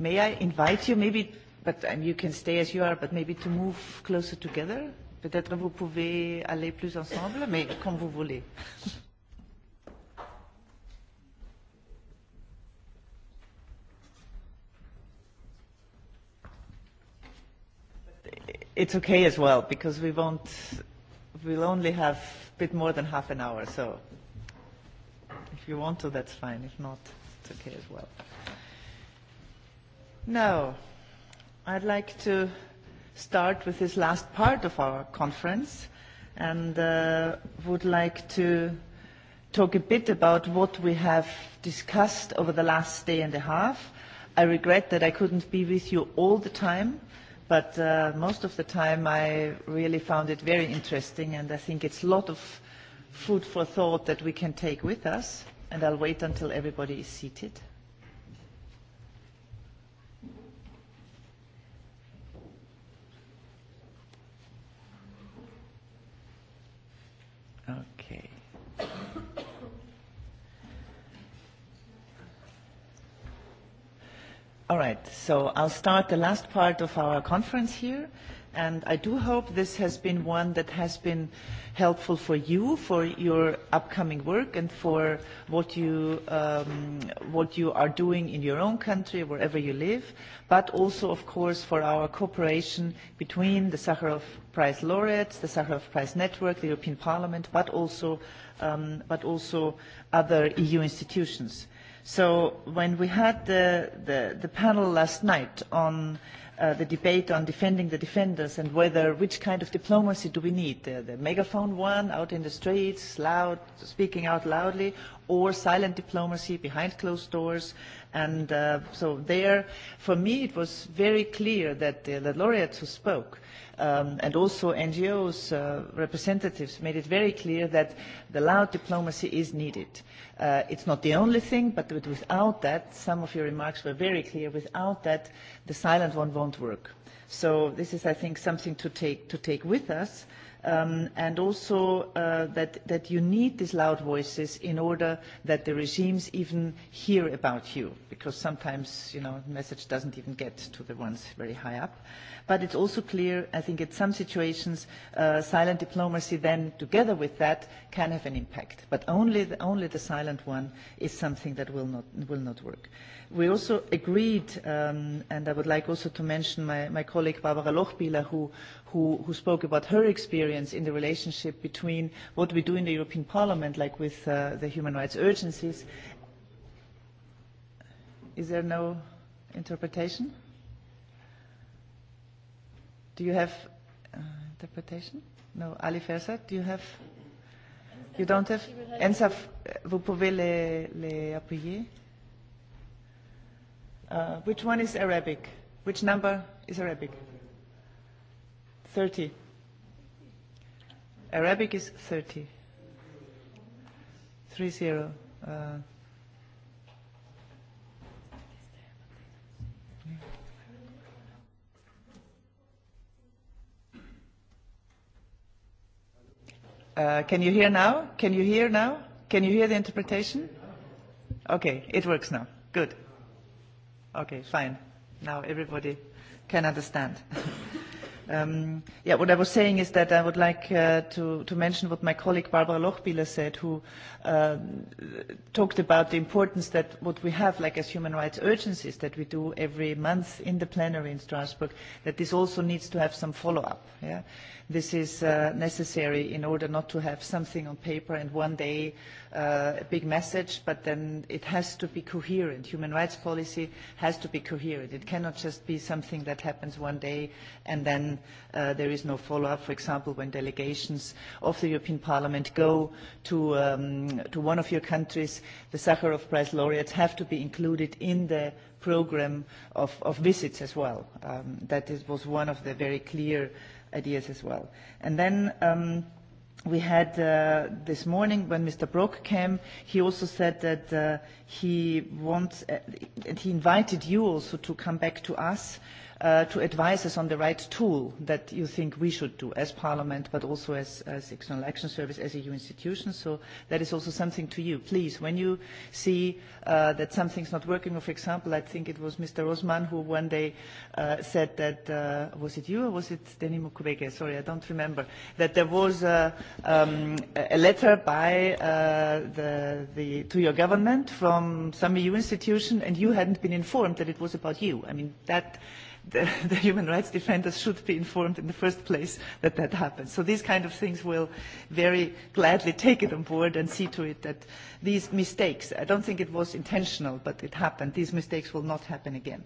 May I invite you maybe, but um, you can stay as you are, but maybe to move closer together? Peut-être vous pouvez aller plus ensemble, mais comme vous voulez. It's okay as well, because we won't, we'll only have a bit more than half an hour, so if you want to, that's fine. If not, it's okay as well. No. I'd like to start with this last part of our conference and uh, would like to talk a bit about what we have discussed over the last day and a half. I regret that I couldn't be with you all the time, but uh, most of the time I really found it very interesting, and I think it's a lot of food for thought that we can take with us, and I'll wait until everybody is seated. All right, so I'll start the last part of our conference here. And I do hope this has been one that has been helpful for you, for your upcoming work, and for what you, um, what you are doing in your own country, wherever you live, but also, of course, for our cooperation between the Sakharov Prize laureates, the Sakharov Prize Network, the European Parliament, but also, um, but also other EU institutions. So when we had the, the, the panel last night on uh, the debate on defending the defenders and whether which kind of diplomacy do we need, the, the megaphone one out in the streets, loud, speaking out loudly, or silent diplomacy behind closed doors. And uh, so there, for me, it was very clear that the laureates who spoke um, and also NGOs uh, representatives made it very clear that the loud diplomacy is needed. Uh, it's not the only thing, but without that, some of your remarks were very clear, without that, the silent one won't work. So this is, I think, something to take, to take with us. Um, and also uh, that, that you need these loud voices in order that the regimes even hear about you, because sometimes, you know, the message doesn't even get to the ones very high up but it is also clear, that in some situations, uh, silent diplomacy then, together with that, can have an impact. But only the, silent one is something that will not, work. We also agreed, um, and I would like also to mention my, colleague Barbara Lochbihler, who, spoke about her experience in the relationship between what we do in the European Parliament, like with uh, the human rights urgencies. Is there no interpretation? Do you have uh, interpretation? No, Ali Fersa, do you have? You don't have? Ensaf, vous pouvez les, les appuyer? Uh, which one is Arabic? Which number is Arabic? 30. Arabic is 30. 30. Uh, Uh, can you hear now? Can you hear now? Can you hear the interpretation? Okay, it works now. Good. Okay, fine. Now everybody can understand. um, yeah, what I was saying is that I would like uh, to, to mention what my colleague Barbara Lochbieler said, who uh, talked about the importance that what we have, like as human rights urgencies that we do every month in the plenary in Strasbourg, that this also needs to have some follow-up. Yeah? this is uh, necessary in order not to have something on paper and one day uh, a big message, but then it has to be coherent. Human rights policy has to be coherent. It cannot just be something that happens one day and then uh, there is no follow-up. For example, when delegations of the European Parliament go to, um, to one of your countries, the Sakharov Prize laureates have to be included in the program of, of visits as well. Um, that is, was one of the very clear uh, ideas as well. And then um, we had uh, this morning when Mr. Brock came, he also said that uh, he wants, uh, and he invited you also to come back to us Uh, to advise us on the right tool that you think we should do as Parliament, but also as, as External Action Service, as EU institutions. So that is also something to you. Please, when you see uh, that something's not working, or for example, I think it was Mr. Osman who one day uh, said that, uh, was it you or was it Denis Mukwege? Sorry, I don't remember. That there was a, um, a letter by uh, the, the, to your government from some EU institution and you hadn't been informed that it was about you. I mean, that the, the human rights defenders should be informed in the first place that that happens. So these kind of things will very gladly take it on board and see to it that these mistakes, I don't think it was intentional, but it happened, these mistakes will not happen again.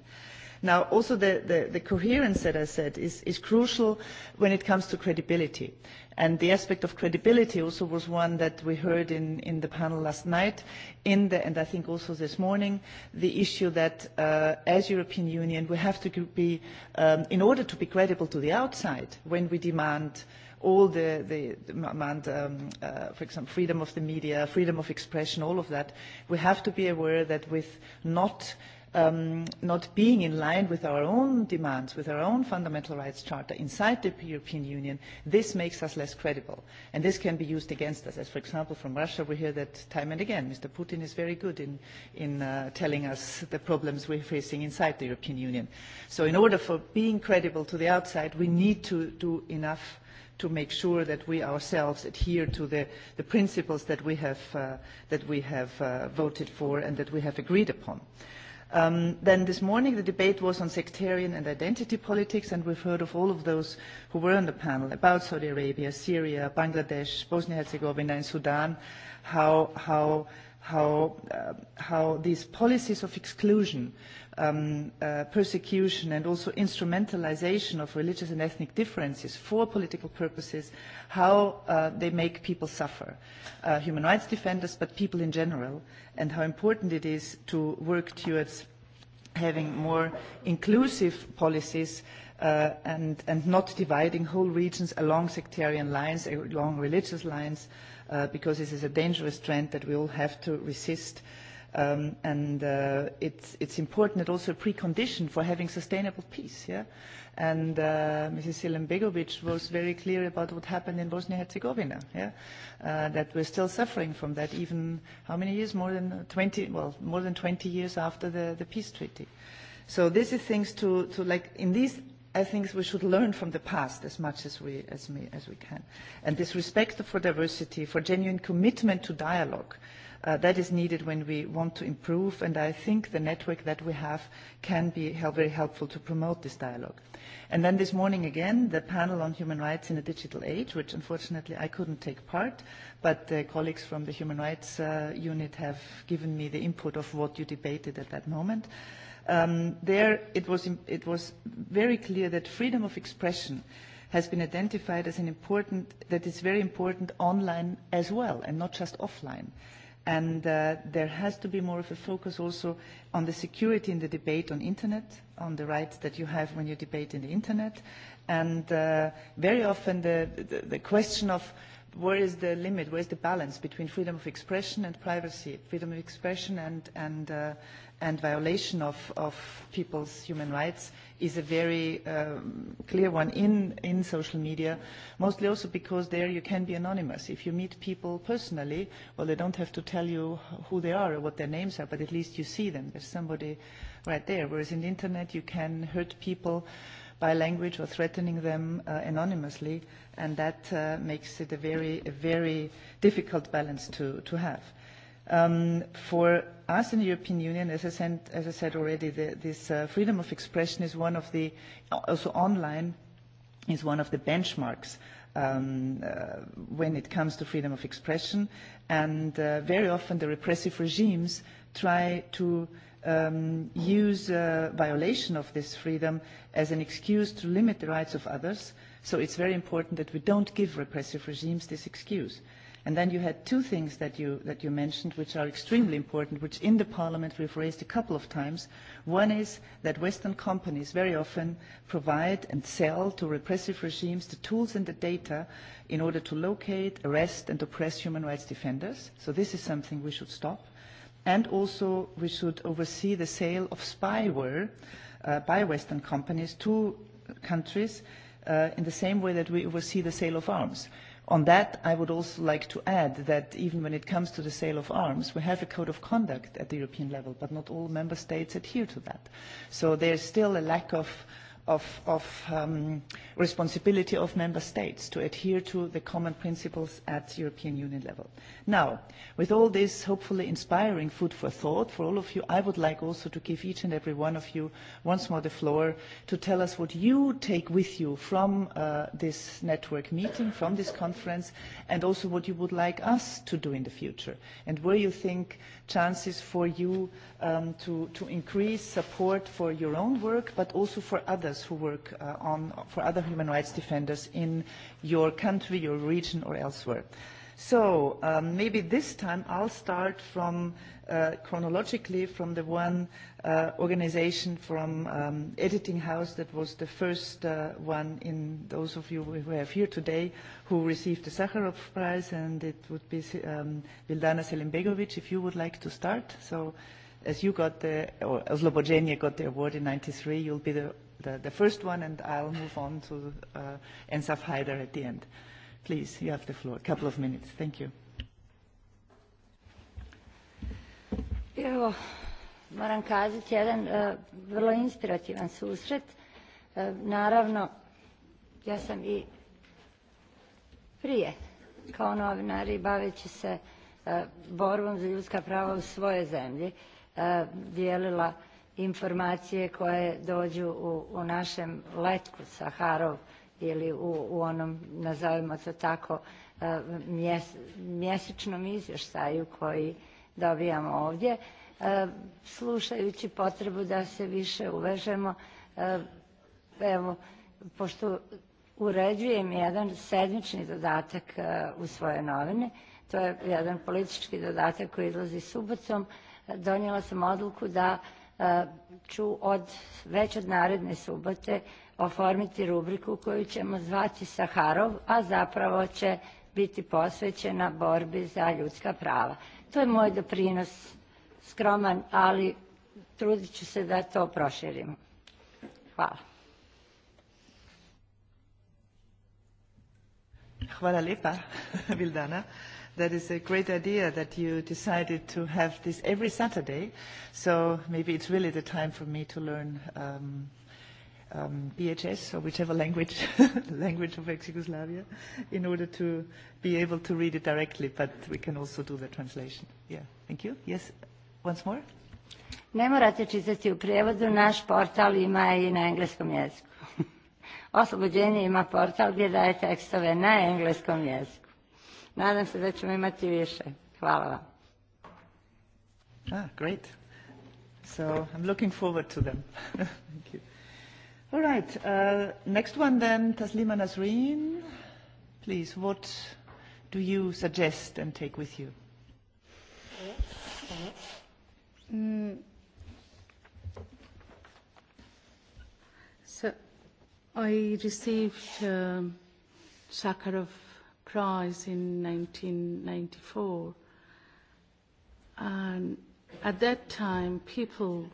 Now, also the, the, the coherence that I said is, is crucial when it comes to credibility. And the aspect of credibility also was one that we heard in, in the panel last night, in the, and I think also this morning, the issue that uh, as European Union we have to be, um, in order to be credible to the outside, when we demand all the, the, demand, um, uh, for example, freedom of the media, freedom of expression, all of that, we have to be aware that with not um, not being in line with our own demands, with our own fundamental rights charter inside the European Union, this makes us less credible. And this can be used against us. As for example, from Russia, we hear that time and again. Mr. Putin is very good in, in uh, telling us the problems we're facing inside the European Union. So in order for being credible to the outside, we need to do enough to make sure that we ourselves adhere to the, the principles that we have, uh, that we have uh, voted for and that we have agreed upon. Uh, Um, then this morning the debate was on sectarian and identity politics, and we've heard of all of those who were on the panel about Saudi Arabia, Syria, Bangladesh, Bosnia-Herzegovina, and Sudan, how, how how, uh, how these policies of exclusion, um, uh, persecution, and also instrumentalization of religious and ethnic differences for political purposes, how uh, they make people suffer, uh, human rights defenders, but people in general, and how important it is to work towards having more inclusive policies uh, and, and not dividing whole regions along sectarian lines, along religious lines, Uh, because this is a dangerous trend that we all have to resist. Um, and uh, it's, it's important that also a precondition for having sustainable peace. Yeah? And uh, Mrs. Silan Begovic was very clear about what happened in Bosnia-Herzegovina, yeah? uh, that we're still suffering from that even, how many years? More than 20, well, more than 20 years after the, the peace treaty. So this is things to, to like, in these I think we should learn from the past as much as we, as, we, as we can. And this respect for diversity, for genuine commitment to dialogue, uh, that is needed when we want to improve, and I think the network that we have can be help, very helpful to promote this dialogue. And then this morning again, the panel on human rights in a digital age, which unfortunately I couldn't take part, but the colleagues from the human rights uh, unit have given me the input of what you debated at that moment. Uh, Um, there it was, it was very clear that freedom of expression has been identified as an important, that is very important online as well, and not just offline. And uh, there has to be more of a focus also on the security in the debate on internet, on the rights that you have when you debate in the internet. And uh, very often the, the, the question of where is the limit, where is the balance between freedom of expression and privacy, freedom of expression and, and, uh, and violation of, of people's human rights is a very um, clear one in, in social media, mostly also because there you can be anonymous. If you meet people personally, well, they don't have to tell you who they are or what their names are, but at least you see them. There's somebody right there. Whereas in the internet, you can hurt people by language or threatening them uh, anonymously, and that uh, makes it a very, a very difficult balance to, to have. Um, for us in the European Union, as I, said, as I said already, the, this uh, freedom of expression is one of the, also online, is one of the benchmarks um, uh, when it comes to freedom of expression. And uh, very often the repressive regimes try to um, use uh, violation of this freedom as an excuse to limit the rights of others. So it's very important that we don't give repressive regimes this excuse. Uh, And then you had two things that you, that you mentioned, which are extremely important, which in the Parliament we've raised a couple of times. One is that Western companies very often provide and sell to repressive regimes the tools and the data in order to locate, arrest, and oppress human rights defenders. So this is something we should stop. And also we should oversee the sale of spyware uh, by Western companies to countries uh, in the same way that we oversee the sale of arms. On that, I would also like to add that even when it comes to the sale of arms, we have a code of conduct at the European level, but not all member states adhere to that. So there's still a lack of of, of um, responsibility of member states to adhere to the common principles at European Union level. Now, with all this hopefully inspiring food for thought for all of you, I would like also to give each and every one of you once more the floor to tell us what you take with you from uh, this network meeting, from this conference, and also what you would like us to do in the future, and where you think chances for you um, to, to increase support for your own work, but also for others others who work uh, on, for other human rights defenders in your country, your region, or elsewhere. So um, maybe this time I'll start from uh, chronologically from the one uh, organization from um, Editing House that was the first uh, one in those of you who have here today who received the Sakharov Prize, and it would be um, Vildana Selimbegovic if you would like to start. So as you got the, or as got the award in 93, you'll be the the, the first one, and I'll move on to uh, Ensaf Haider at the end. Please, you have the floor. A couple of minutes. Thank you. Evo, moram kazati jedan uh, vrlo inspirativan susret. Uh, naravno, ja sam i prije kao novinari baveći se uh, borbom za ljudska prava u svojoj zemlji uh, dijelila uh, informacije koje dođu u, u našem letku Saharov ili u, u onom, nazovimo to tako, e, mjese, mjesečnom izvještaju koji dobijamo ovdje, e, slušajući potrebu da se više uvežemo. E, evo, pošto uređujem jedan sedmični dodatak u svoje novine, to je jedan politički dodatak koji izlazi subocom, donijela sam odluku da uh, ću od, već od naredne subote oformiti rubriku koju ćemo zvati Saharov, a zapravo će biti posvećena borbi za ljudska prava. To je moj doprinos skroman, ali trudit ću se da to proširimo. Hvala. Hvala lepa, Vildana. That is a great idea that you decided to have this every Saturday. So maybe it's really the time for me to learn um, um, BHS or whichever language, language of ex-Yugoslavia, in order to be able to read it directly. But we can also do the translation. Yeah. Thank you. Yes. Once more. Ne morate čitati u prijevodu, naš portal ima i na engleskom jeziku. Oslobođenje ima portal gdje daje tekstove na engleskom jeziku. Nadam se da ćemo imati više. Hvala vam. Ah, great. So I'm looking forward to them. Thank you. All right. Uh, next one then, Taslima Nasreen. Please, what do you suggest and take with you? Mm. So I received um, Sakharov Prize in 1994. And at that time, people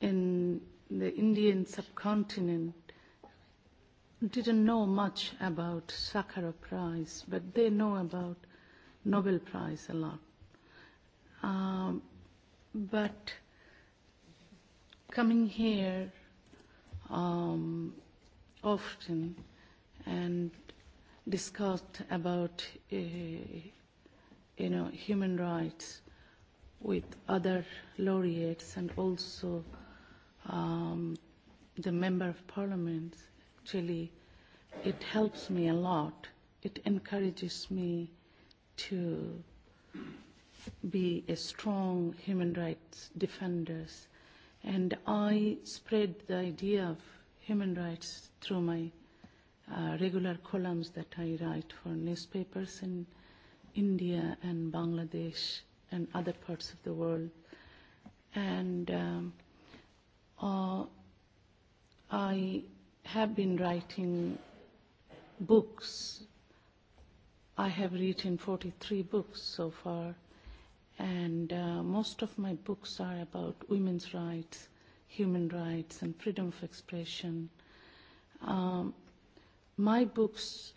in the Indian subcontinent didn't know much about Sakharov Prize, but they know about Nobel Prize a lot. Um, but coming here um, often and discussed about, uh, you know, human rights with other laureates and also um, the member of parliament, actually, it helps me a lot. It encourages me to be a strong human rights defenders. And I spread the idea of human rights through my Uh, regular columns that I write for newspapers in India and Bangladesh and other parts of the world. And um, uh, I have been writing books. I have written 43 books so far, and uh, most of my books are about women's rights, human rights, and freedom of expression. Um, my books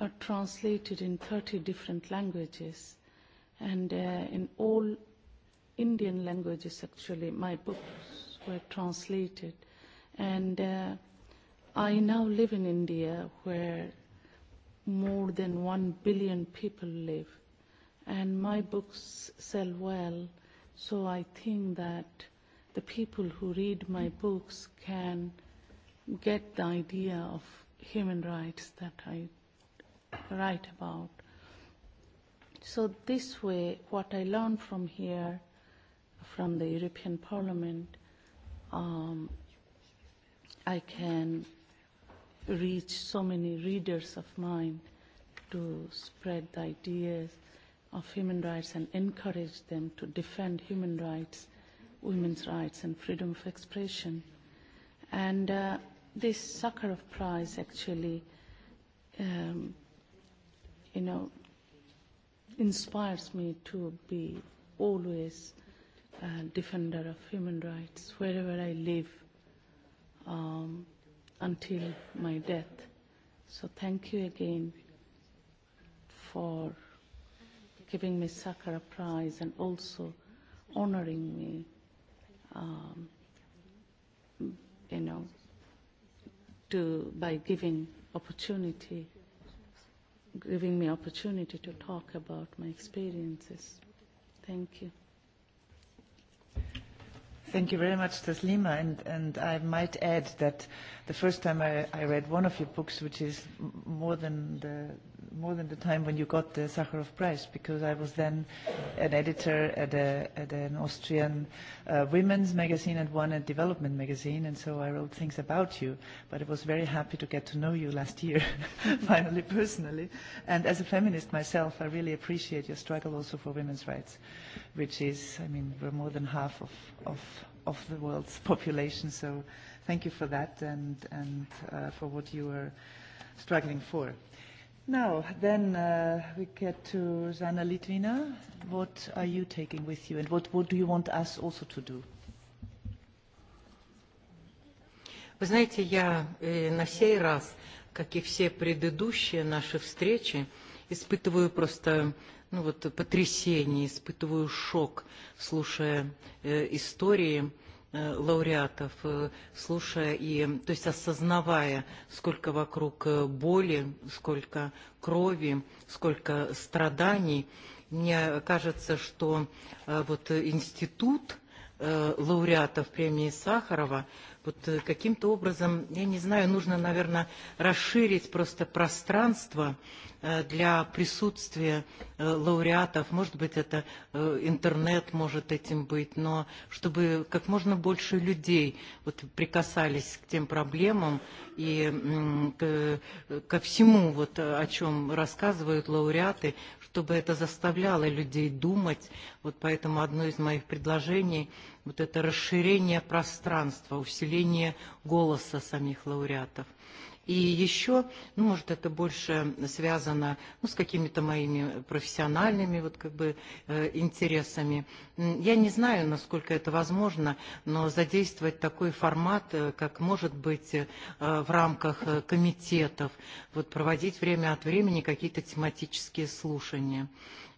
are translated in 30 different languages and uh, in all Indian languages actually my books were translated and uh, I now live in India where more than one billion people live and my books sell well so I think that the people who read my books can get the idea of human rights that I write about. So this way, what I learned from here, from the European Parliament, um, I can reach so many readers of mine to spread the ideas of human rights and encourage them to defend human rights, women's rights, and freedom of expression. And uh, this Sakharov Prize actually, um, you know, inspires me to be always a defender of human rights wherever I live um, until my death. So thank you again for giving me Sakharov Prize and also honoring me, um, you know, to by giving opportunity, giving me opportunity to talk about my experiences. Thank you. Thank you very much, Taslima. And, and I might add that the first time I, I read one of your books, which is more than the, more than the time when you got the Sakharov Prize, because I was then an editor at, a, at an Austrian uh, women's magazine and one a development magazine, and so I wrote things about you. But I was very happy to get to know you last year, finally, personally. And as a feminist myself, I really appreciate your struggle also for women's rights, which is, I mean, we're more than half of, of, of the world's population, so thank you for that and, and uh, for what you are struggling for. Now, then uh, we get to Zana Litvina. What are you taking with you and what, what do you want us also to do? Вы знаете, я э, на сей раз, как и все предыдущие наши встречи, испытываю просто ну вот, потрясение, испытываю шок, слушая э, истории лауреатов, слушая и, то есть осознавая, сколько вокруг боли, сколько крови, сколько страданий, мне кажется, что вот институт лауреатов премии Сахарова – Вот каким-то образом, я не знаю, нужно, наверное, расширить просто пространство для присутствия лауреатов. Может быть, это интернет может этим быть, но чтобы как можно больше людей вот прикасались к тем проблемам и ко всему, вот, о чем рассказывают лауреаты, чтобы это заставляло людей думать. Вот поэтому одно из моих предложений – вот это расширение пространства, усиление голоса самих лауреатов. И еще, ну, может, это больше связано ну, с какими-то моими профессиональными вот как бы интересами. Я не знаю, насколько это возможно, но задействовать такой формат, как может быть в рамках комитетов, вот проводить время от времени какие-то тематические слушания.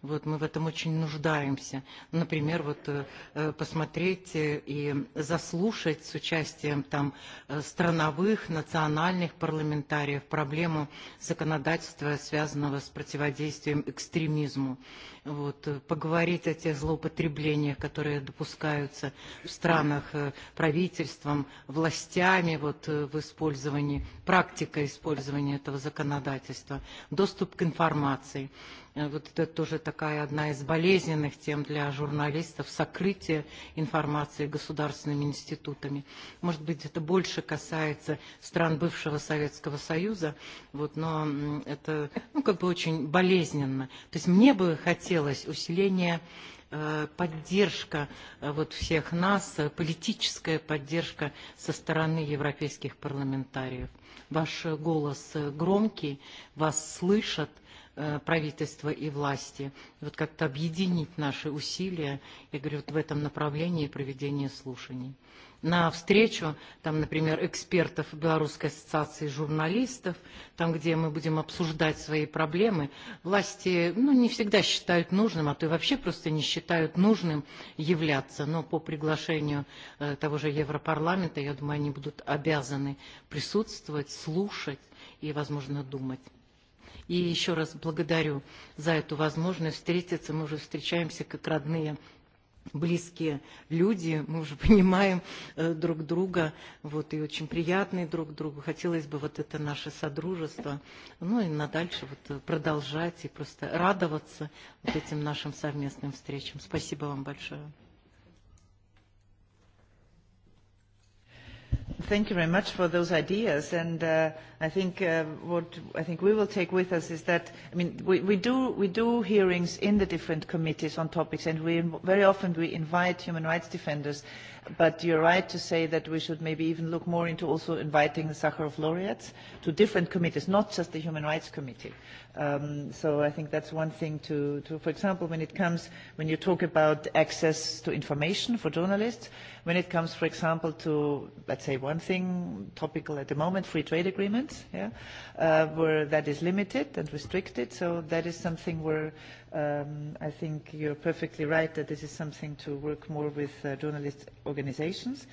Вот мы в этом очень нуждаемся. Например, вот посмотреть и заслушать с участием там страновых, национальных парламентариев проблему законодательства, связанного с противодействием экстремизму. Вот, поговорить о тех злоупотреблениях, которые допускаются в странах правительством, властями вот, в использовании, практика использования этого законодательства, доступ к информации вот это тоже такая одна из болезненных тем для журналистов, сокрытие информации государственными институтами. Может быть, это больше касается стран бывшего Советского Союза, вот, но это ну, как бы очень болезненно. То есть мне бы хотелось усиления поддержка вот всех нас, политическая поддержка со стороны европейских парламентариев. Ваш голос громкий, вас слышат, правительства и власти. Вот как-то объединить наши усилия, я говорю, вот в этом направлении проведения слушаний. На встречу, там, например, экспертов Белорусской ассоциации журналистов, там, где мы будем обсуждать свои проблемы, власти ну, не всегда считают нужным, а то и вообще просто не считают нужным являться. Но по приглашению э, того же Европарламента, я думаю, они будут обязаны присутствовать, слушать и, возможно, думать. И еще раз благодарю за эту возможность встретиться. Мы уже встречаемся как родные близкие люди, мы уже понимаем э, друг друга, вот, и очень приятные друг другу. Хотелось бы вот это наше содружество, ну и на дальше вот продолжать и просто радоваться вот этим нашим совместным встречам. Спасибо вам большое. thank you very much for those ideas. And uh, I think uh, what I think we will take with us is that I mean we, we do we do hearings in the different committees on topics, and we very often we invite human rights defenders. But you're right to say that we should maybe even look more into also inviting the Sakharov laureates to different committees, not just the Human Rights Committee. Um, so I think that's one thing to, to, for example, when it comes, when you talk about access to information for journalists, when it comes, for example, to, let's say, one thing topical at the moment, free trade agreements, yeah, uh, where that is limited and restricted. So that is something where um, I think you're perfectly right that this is something to work more with uh, journalist organizations.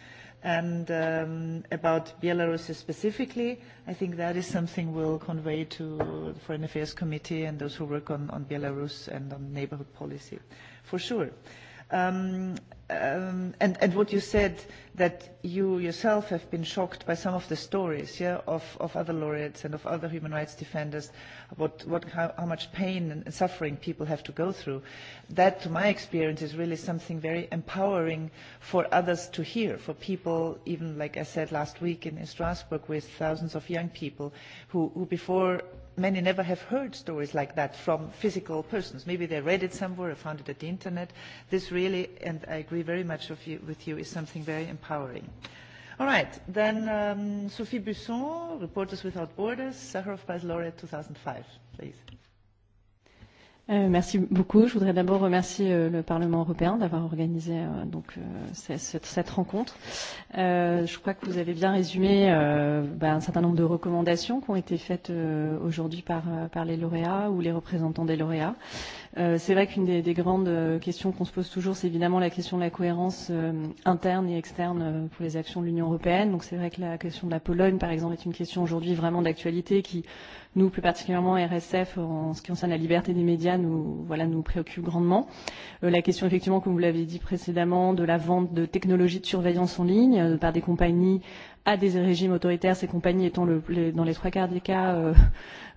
And um, about Belarus specifically, I think that is something we'll convey to the Foreign Affairs Committee and those who work on, on Belarus and on neighborhood policy, for sure. Uh, Um, um, and, and what you said that you yourself have been shocked by some of the stories yeah, of, of other laureates and of other human rights defenders about what, how, how much pain and suffering people have to go through. That, to my experience, is really something very empowering for others to hear, for people, even like I said last week in, in Strasbourg with thousands of young people who, who before many never have heard stories like that from physical persons. Maybe they read it somewhere or found it at the internet. This really, and I agree very much of you, with you, is something very empowering. All right, then um, Sophie Busson, Reporters Without Borders, Sakharov Prize Laureate 2005, please. Euh, merci beaucoup. Je voudrais d'abord remercier euh, le Parlement européen d'avoir organisé euh, donc cette, rencontre. je crois que vous avez bien résumé un certain nombre de recommandations qui ont été faites aujourd'hui par, les lauréats ou les représentants des lauréats. Euh, c'est vrai qu'une des, des grandes euh, questions qu'on se pose toujours, c'est évidemment la question de la cohérence euh, interne et externe euh, pour les actions de l'Union européenne. Donc c'est vrai que la question de la Pologne, par exemple, est une question aujourd'hui vraiment d'actualité qui, nous, plus particulièrement RSF, en ce qui concerne la liberté des médias, nous, voilà, nous préoccupe grandement. Euh, la question, effectivement, comme vous l'avez dit précédemment, de la vente de technologies de surveillance en ligne euh, par des compagnies à des régimes autoritaires, ces compagnies étant le, le, dans les trois quarts des cas euh,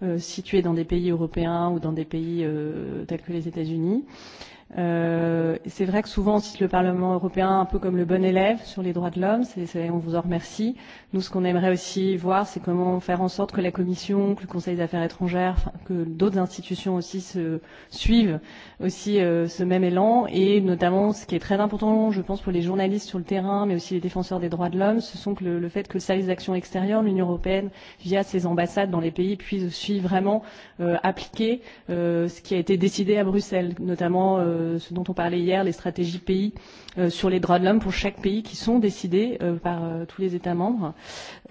euh, situées dans des pays européens ou dans des pays euh, tels que les États-Unis. Euh, Euh, c'est vrai que souvent on cite le Parlement européen un peu comme le bon élève sur les droits de l'homme, on vous en remercie. Nous, ce qu'on aimerait aussi voir, c'est comment faire en sorte que la Commission, que le Conseil des affaires étrangères, que d'autres institutions aussi se, suivent aussi euh, ce même élan. Et notamment, ce qui est très important, je pense, pour les journalistes sur le terrain, mais aussi les défenseurs des droits de l'homme, ce sont que le, le fait que le service d'action extérieure, l'Union européenne, via ses ambassades dans les pays, puisse aussi vraiment euh, appliquer euh, ce qui a été décidé à Bruxelles, notamment. Euh, Euh, ce dont on parlait hier, les stratégies pays euh, sur les droits de l'homme pour chaque pays qui sont décidées euh, par euh, tous les États membres.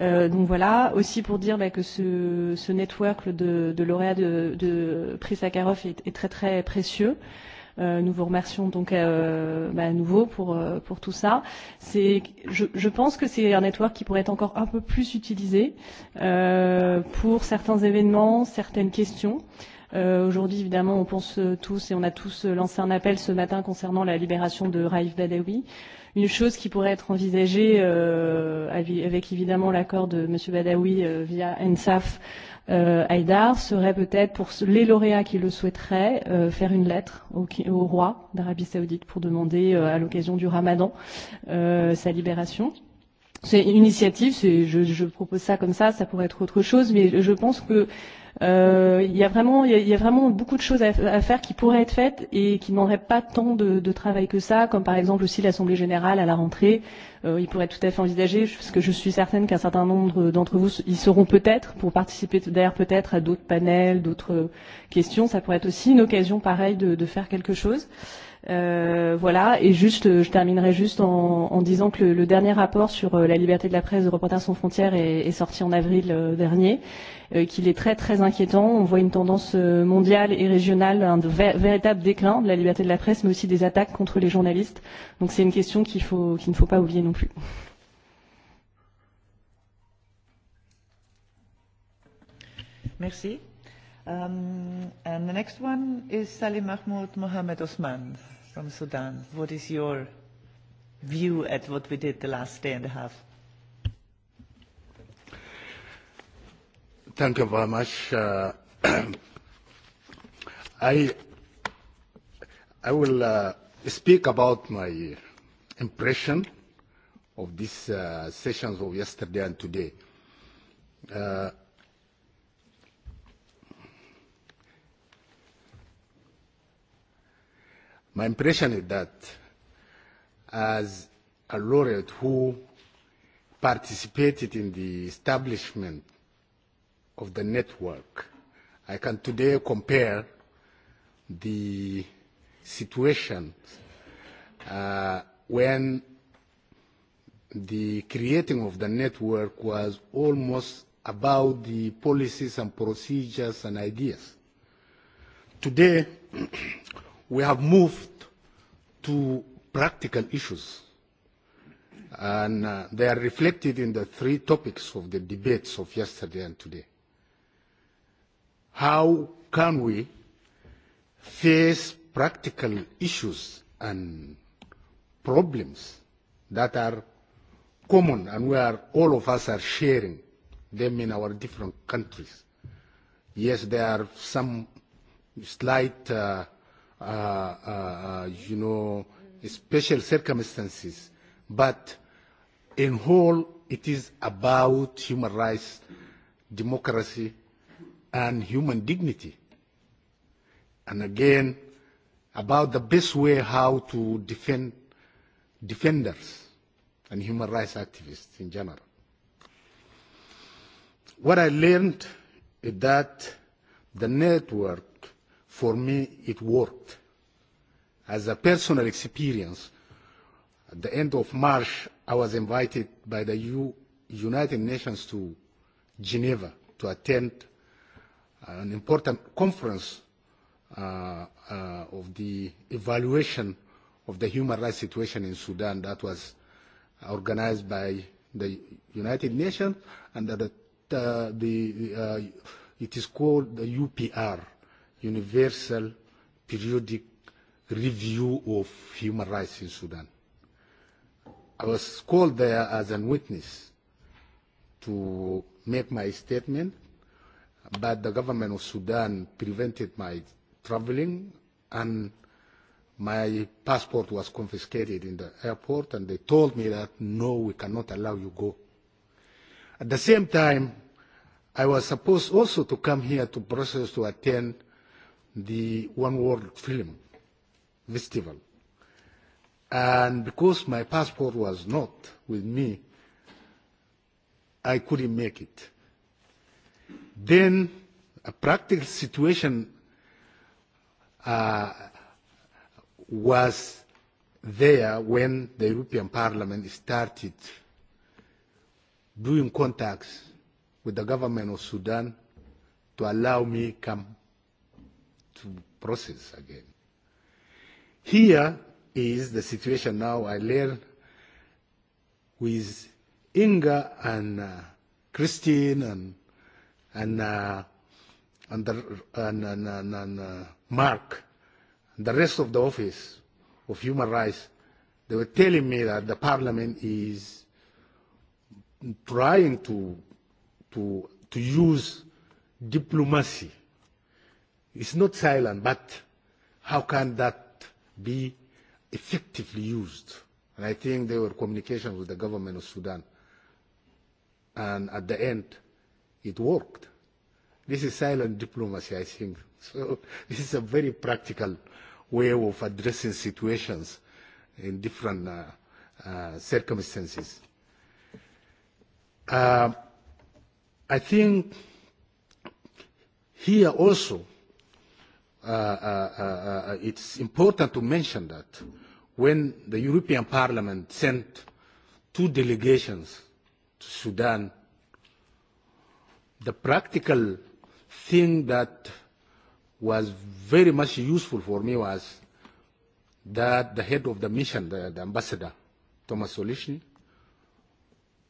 Euh, donc voilà, aussi pour dire bah, que ce, ce network de, de lauréats de, de prix Sakharov est, est très très précieux. Euh, nous vous remercions donc euh, bah, à nouveau pour, euh, pour tout ça. Je, je pense que c'est un network qui pourrait être encore un peu plus utilisé euh, pour certains événements, certaines questions. Euh, Aujourd'hui, évidemment, on pense euh, tous et on a tous euh, lancé un appel ce matin concernant la libération de Raif Badawi. Une chose qui pourrait être envisagée, euh, avec évidemment l'accord de M. Badawi euh, via ENSAF, euh, Haïdar serait peut-être pour les lauréats qui le souhaiteraient euh, faire une lettre au, au roi d'Arabie Saoudite pour demander euh, à l'occasion du Ramadan euh, sa libération. C'est une initiative, je, je propose ça comme ça, ça pourrait être autre chose, mais je pense que euh, Euh, il y a vraiment, il y a, il y a vraiment beaucoup de choses à, à faire qui pourraient être faites et qui n'auraient pas tant de, de travail que ça, comme par exemple aussi l'Assemblée générale à la rentrée. Euh, il pourrait être tout à fait envisagé, parce que je suis certaine qu'un certain nombre d'entre vous y seront peut-être pour participer d'ailleurs peut-être à d'autres panels, d'autres questions. Ça pourrait être aussi une occasion pareille de, de faire quelque chose. Euh, Euh, voilà, et juste, je terminerai juste en, en disant que le, le dernier rapport sur euh, la liberté de la presse de Reporters sans frontières est, est sorti en avril euh, dernier, euh, qu'il est très très inquiétant. On voit une tendance euh, mondiale et régionale, un de, ver, véritable déclin de la liberté de la presse, mais aussi des attaques contre les journalistes. Donc c'est une question qu'il faut qu'il ne faut pas oublier non plus. Merci. Um, and the next one is Salim Mahmoud Mohammed Osman from Sudan. What is your view at what we did the last day and a half? Thank you very much. Uh, I, I will uh, speak about my impression of these uh, sessions of yesterday and today. Uh, My impression is that as a laureate who participated in the establishment of the network, I can today compare the situation uh, when the creating of the network was almost about the policies and procedures and ideas. Today, we have moved to practical issues, and uh, they are reflected in the three topics of the debates of yesterday and today. How can we face practical issues and problems that are common and where all of us are sharing them in our different countries. Yes, there are some slight uh, Uh, uh, uh, you know, special circumstances. But in whole, it is about human rights, democracy, and human dignity. And again, about the best way how to defend defenders and human rights activists in general. What I learned is that the network for me it worked. As a personal experience, at the end of March, I was invited by the U United Nations to Geneva to attend an important conference uh, uh, of the evaluation of the human rights situation in Sudan that was organized by the United Nations and that uh, the, uh, it is called the UPR, universal periodic review of human rights in Sudan. I was called there as a witness to make my statement, but the government of Sudan prevented my traveling and my passport was confiscated in the airport and they told me that no, we cannot allow you go. At the same time, I was supposed also to come here to Brussels to attend the One World Film Festival. And because my passport was not with me, I couldn't make it. Then a practical situation uh, was there when the European Parliament started doing contacts with the government of Sudan to allow me come to process again. Here is the situation now I learn with Inga and uh, Christine and and uh, and, the, and, and, and, and uh, Mark and the rest of the office of human rights. They were telling me that the parliament is trying to to to use diplomacy It's not silent, but how can that be effectively used? And I think there were communications with the government of Sudan. And at the end, it worked. This is silent diplomacy, I think. So this is a very practical way of addressing situations in different uh, uh, circumstances. Uh, I think here also Uh, uh, uh, uh, it's important to mention that when the European Parliament sent two delegations to Sudan, the practical thing that was very much useful for me was that the head of the mission, the, the ambassador, Thomas Solishny,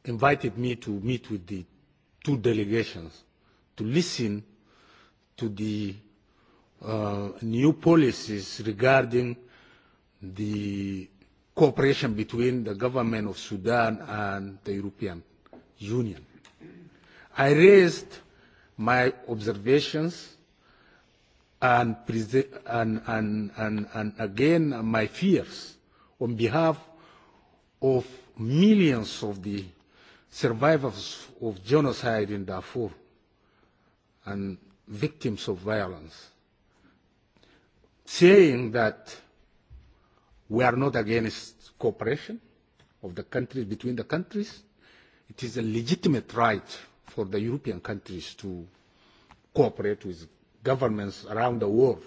invited me to meet with the two delegations to listen to the Uh, new policies regarding the cooperation between the government of Sudan and the European Union. I raised my observations and, and, and, and, and again my fears on behalf of millions of the survivors of genocide in Darfur and victims of violence saying that we are not against cooperation of the countries between the countries. It is a legitimate right for the European countries to cooperate with governments around the world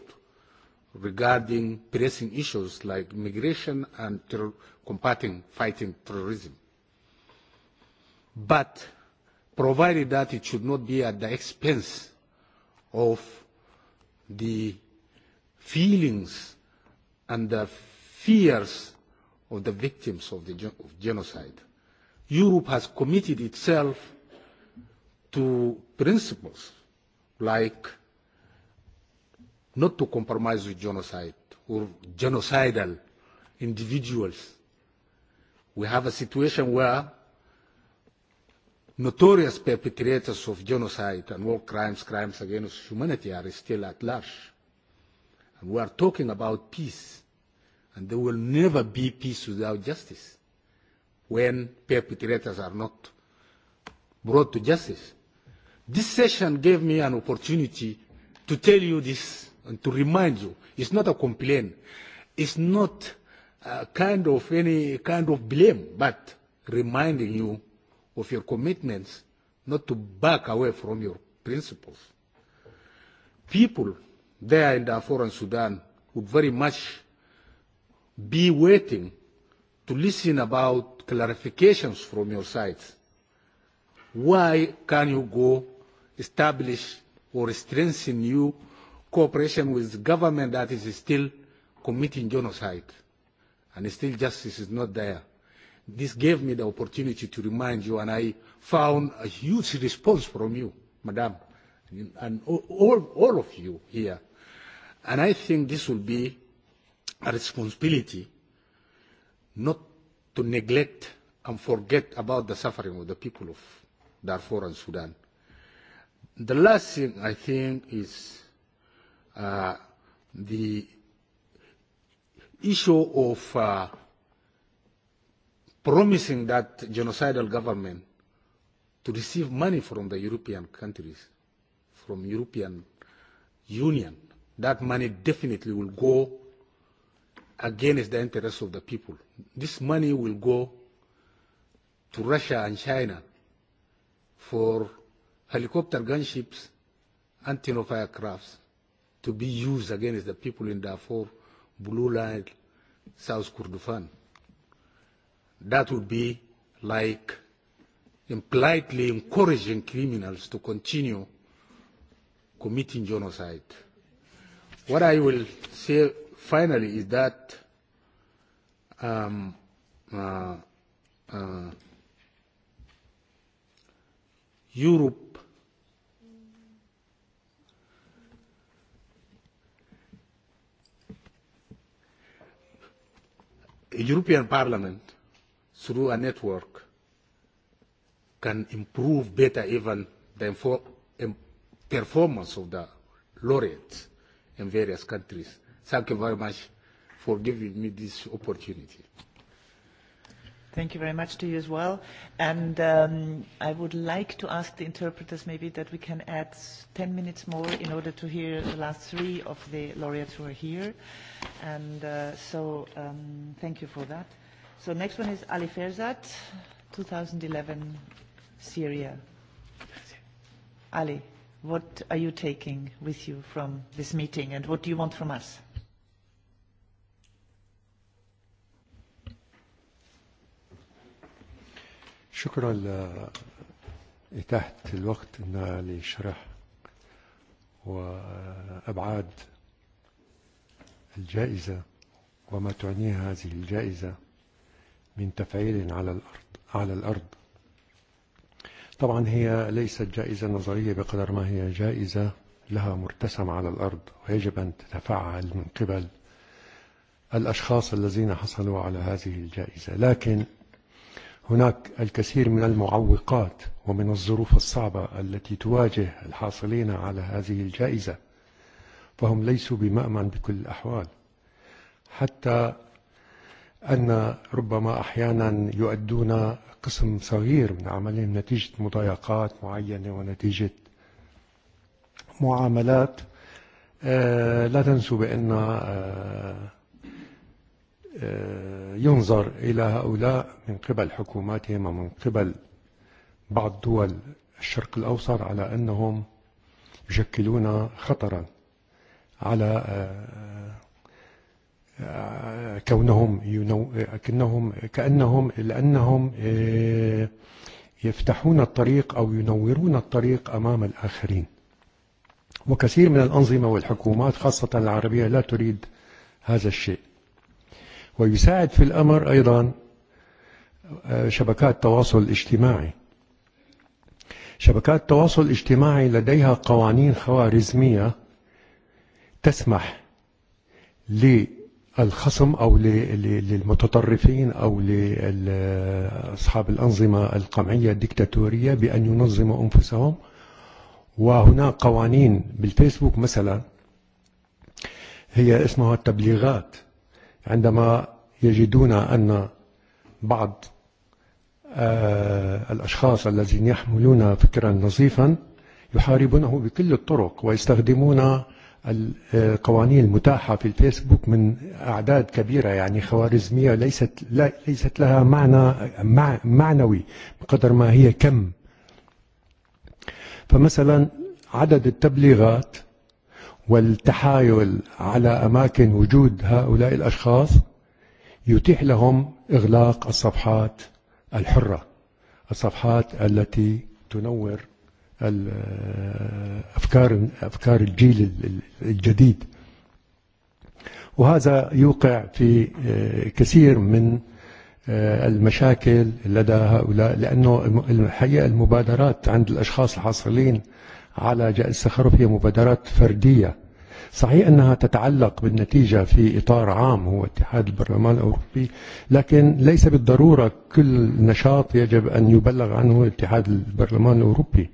regarding pressing issues like migration and combating, fighting terrorism. But provided that it should not be at the expense of the feelings and the fears of the victims of the of genocide. Europe has committed itself to principles like not to compromise with genocide or genocidal individuals. We have a situation where notorious perpetrators of genocide and war crimes, crimes against humanity are still at large And we are talking about peace. And there will never be peace without justice when perpetrators are not brought to justice. This session gave me an opportunity to tell you this and to remind you. It's not a complaint. It's not a kind of any kind of blame, but reminding you of your commitments not to back away from your principles. People there in Darfur and Sudan would very much be waiting to listen about clarifications from your side. Why can you go establish or strengthen new cooperation with government that is still committing genocide and still justice is not there? This gave me the opportunity to remind you and I found a huge response from you, madam, and all, all of you here And I think this will be a responsibility not to neglect and forget about the suffering of the people of Darfur and Sudan. The last thing I think is uh, the issue of uh, promising that genocidal government to receive money from the European countries, from European Union that money definitely will go against the interests of the people. This money will go to Russia and China for helicopter gunships and aircrafts to be used against the people in Darfur, Blue Line, South Kurdistan. That would be like impliedly encouraging criminals to continue committing genocide What I will say finally is that um, uh, uh, Europe European Parliament through a network can improve better even the um, performance of the laureates in various countries. Thank you very much for giving me this opportunity. Thank you very much to you as well. And um, I would like to ask the interpreters maybe that we can add 10 minutes more in order to hear the last three of the laureates who are here. And uh, so um, thank you for that. So next one is Ali Ferzat, 2011, Syria. Ali. What are you taking with you from this meeting and what do you want from us? شكرا لإتاحة الوقت إنها لشرح وأبعاد الجائزة وما تعنيها هذه الجائزة من تفعيل على الأرض على الأرض طبعا هي ليست جائزة نظرية بقدر ما هي جائزة لها مرتسم على الأرض ويجب أن تتفعل من قبل الأشخاص الذين حصلوا على هذه الجائزة لكن هناك الكثير من المعوقات ومن الظروف الصعبة التي تواجه الحاصلين على هذه الجائزة فهم ليسوا بمأمن بكل الأحوال حتى أن ربما أحيانا يؤدون قسم صغير من عملهم نتيجة مضايقات معينة ونتيجة معاملات لا تنسوا بأن ينظر إلى هؤلاء من قبل حكوماتهم ومن قبل بعض دول الشرق الأوسط على أنهم يشكلون خطرا على كونهم كأنهم كأنهم لأنهم يفتحون الطريق أو ينورون الطريق أمام الآخرين وكثير من الأنظمة والحكومات خاصة العربية لا تريد هذا الشيء ويساعد في الأمر أيضا شبكات التواصل الاجتماعي شبكات التواصل الاجتماعي لديها قوانين خوارزمية تسمح للمشاهدين الخصم أو للمتطرفين أو لأصحاب الأنظمة القمعية الدكتاتورية بأن ينظموا أنفسهم وهناك قوانين بالفيسبوك مثلا هي اسمها التبليغات عندما يجدون أن بعض الأشخاص الذين يحملون فكرا نظيفا يحاربونه بكل الطرق ويستخدمون القوانين المتاحة في الفيسبوك من أعداد كبيرة يعني خوارزمية ليست لا ليست لها معنى مع معنوي بقدر ما هي كم فمثلا عدد التبليغات والتحايل على أماكن وجود هؤلاء الأشخاص يتيح لهم إغلاق الصفحات الحرة الصفحات التي تنور أفكار أفكار الجيل الجديد وهذا يوقع في كثير من المشاكل لدى هؤلاء لأنه الحقيقة المبادرات عند الأشخاص الحاصلين على جائزة سخروف هي مبادرات فردية صحيح أنها تتعلق بالنتيجة في إطار عام هو اتحاد البرلمان الأوروبي لكن ليس بالضرورة كل نشاط يجب أن يبلغ عنه اتحاد البرلمان الأوروبي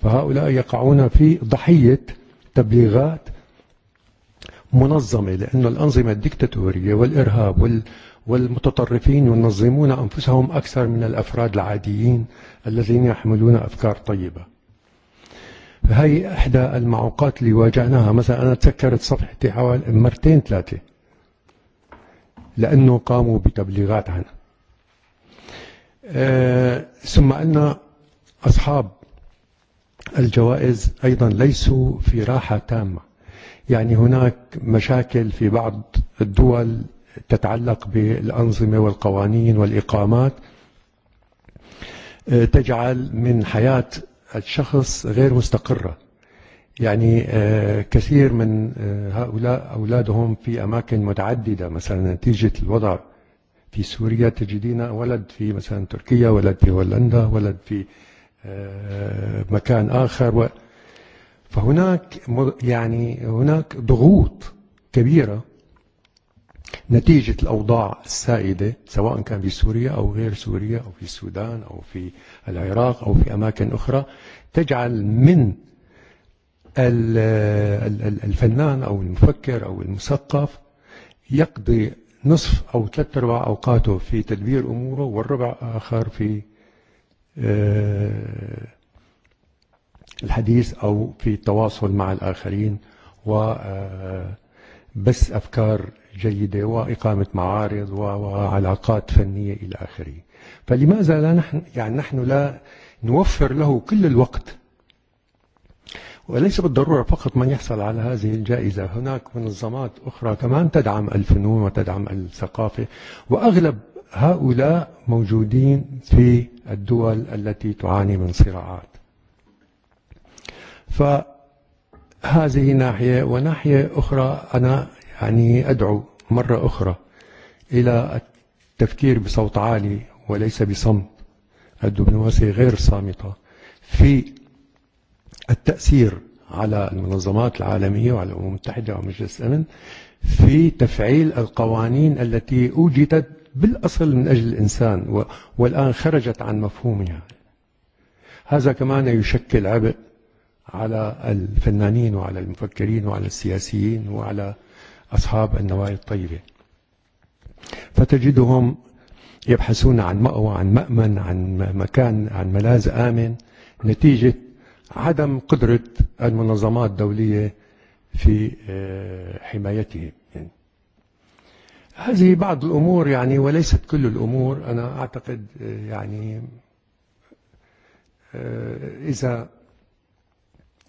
فهؤلاء يقعون في ضحية تبليغات منظمة لأن الأنظمة الدكتاتورية والإرهاب وال والمتطرفين ينظمون أنفسهم أكثر من الأفراد العاديين الذين يحملون أفكار طيبة هاي احدى المعوقات اللي واجهناها مثلا انا تذكرت صفحتي حوالي مرتين ثلاثة لانه قاموا بتبليغات عنها ثم ان اصحاب الجوائز ايضا ليسوا في راحة تامة يعني هناك مشاكل في بعض الدول تتعلق بالأنظمة والقوانين والاقامات تجعل من حياة الشخص غير مستقرة يعني كثير من هؤلاء أولادهم في أماكن متعددة مثلا نتيجة الوضع في سوريا تجدين ولد في مثلا تركيا ولد في هولندا ولد في مكان آخر فهناك يعني هناك ضغوط كبيرة نتيجة الأوضاع السائدة سواء كان في سوريا أو غير سوريا أو في السودان أو في آه العراق أو في أماكن أخرى تجعل من الفنان أو المفكر أو المثقف يقضي نصف أو ثلاثة أرباع أوقاته في تدبير أموره والربع آخر في الحديث أو في التواصل مع الآخرين وبس أفكار جيدة وإقامة معارض وعلاقات فنية إلى آخره فلماذا لا نحن يعني نحن لا نوفر له كل الوقت وليس بالضرورة فقط من يحصل على هذه الجائزة هناك منظمات أخرى كمان تدعم الفنون وتدعم الثقافة وأغلب هؤلاء موجودين في الدول التي تعاني من صراعات فهذه ناحية وناحية أخرى أنا يعني أدعو مرة أخرى إلى التفكير بصوت عالي وليس بصمت الدبلوماسية غير صامتة في التأثير على المنظمات العالمية وعلى الأمم المتحدة ومجلس الأمن في تفعيل القوانين التي أوجدت بالأصل من أجل الإنسان والآن خرجت عن مفهومها هذا كمان يشكل عبء على الفنانين وعلى المفكرين وعلى السياسيين وعلى أصحاب النوايا الطيبة فتجدهم يبحثون عن مأوى عن مأمن عن مكان عن ملاذ آمن نتيجة عدم قدرة المنظمات الدولية في حمايتهم هذه بعض الأمور يعني وليست كل الأمور أنا أعتقد يعني إذا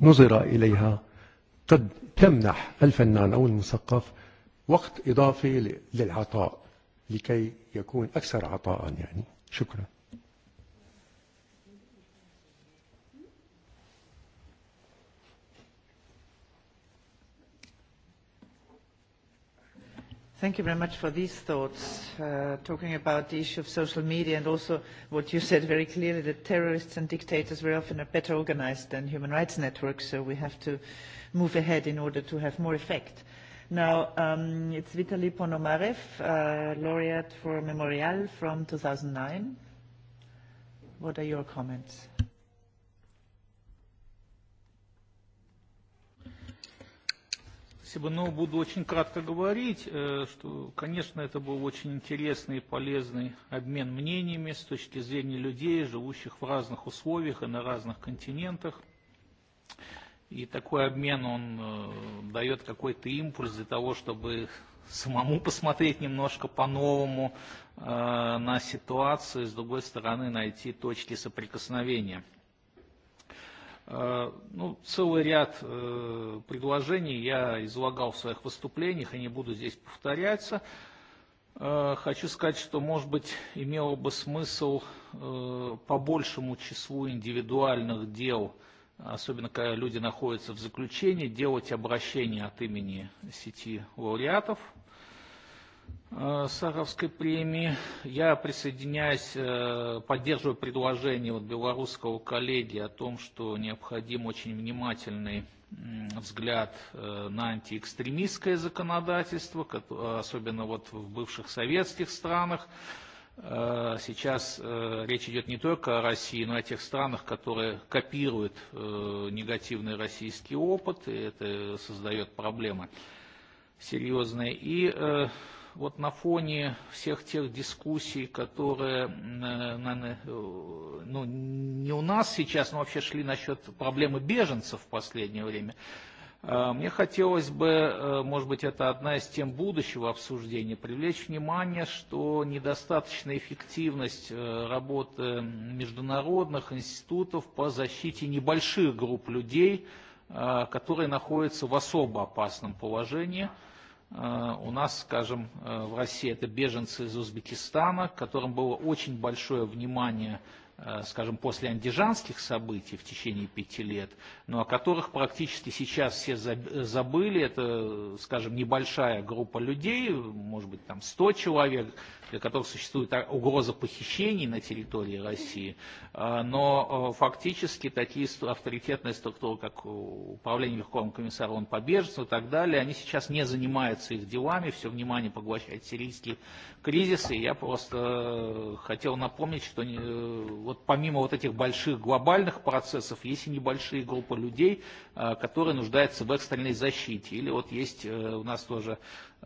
نظر إليها قد تمنح الفنان أو المثقف وقت إضافي للعطاء لكي يكون أكثر عطاء يعني شكرا Thank you very much for these thoughts, uh, talking about the issue of social media and also what you said very clearly, that terrorists and dictators very often are better organized than human rights networks, so we have to move ahead in order to have more effect. Now, um, it's Vitaly Ponomarev, uh, laureate for Memorial from 2009. What are your comments? Спасибо. Ну, буду очень кратко говорить, что, конечно, это был очень интересный и полезный обмен мнениями с точки зрения людей, живущих в разных условиях и на разных континентах. И такой обмен, он э, дает какой-то импульс для того, чтобы самому посмотреть немножко по-новому э, на ситуацию, с другой стороны найти точки соприкосновения. Ну, целый ряд э, предложений я излагал в своих выступлениях, и не буду здесь повторяться. Э, Хочу сказать, что, может быть, имело бы смысл э, по большему числу индивидуальных дел – особенно когда люди находятся в заключении, делать обращение от имени сети лауреатов Саровской премии. Я присоединяюсь, поддерживаю предложение вот белорусского коллеги о том, что необходим очень внимательный взгляд на антиэкстремистское законодательство, особенно вот в бывших советских странах, Сейчас речь идет не только о России, но и о тех странах, которые копируют негативный российский опыт, и это создает проблемы серьезные. И вот на фоне всех тех дискуссий, которые наверное, ну, не у нас сейчас, но вообще шли насчет проблемы беженцев в последнее время, Мне хотелось бы, может быть, это одна из тем будущего обсуждения, привлечь внимание, что недостаточная эффективность работы международных институтов по защите небольших групп людей, которые находятся в особо опасном положении. У нас, скажем, в России это беженцы из Узбекистана, которым было очень большое внимание – скажем, после андижанских событий в течение пяти лет, но о которых практически сейчас все забыли. Это, скажем, небольшая группа людей, может быть, там 100 человек, для которых существует угроза похищений на территории России, но фактически такие авторитетные структуры, как Управление Верховным комиссаром по беженству и так далее, они сейчас не занимаются их делами, все внимание поглощает сирийский кризис, и я просто хотел напомнить, что вот помимо вот этих больших глобальных процессов, есть и небольшие группы людей, которые нуждаются в экстренной защите, или вот есть у нас тоже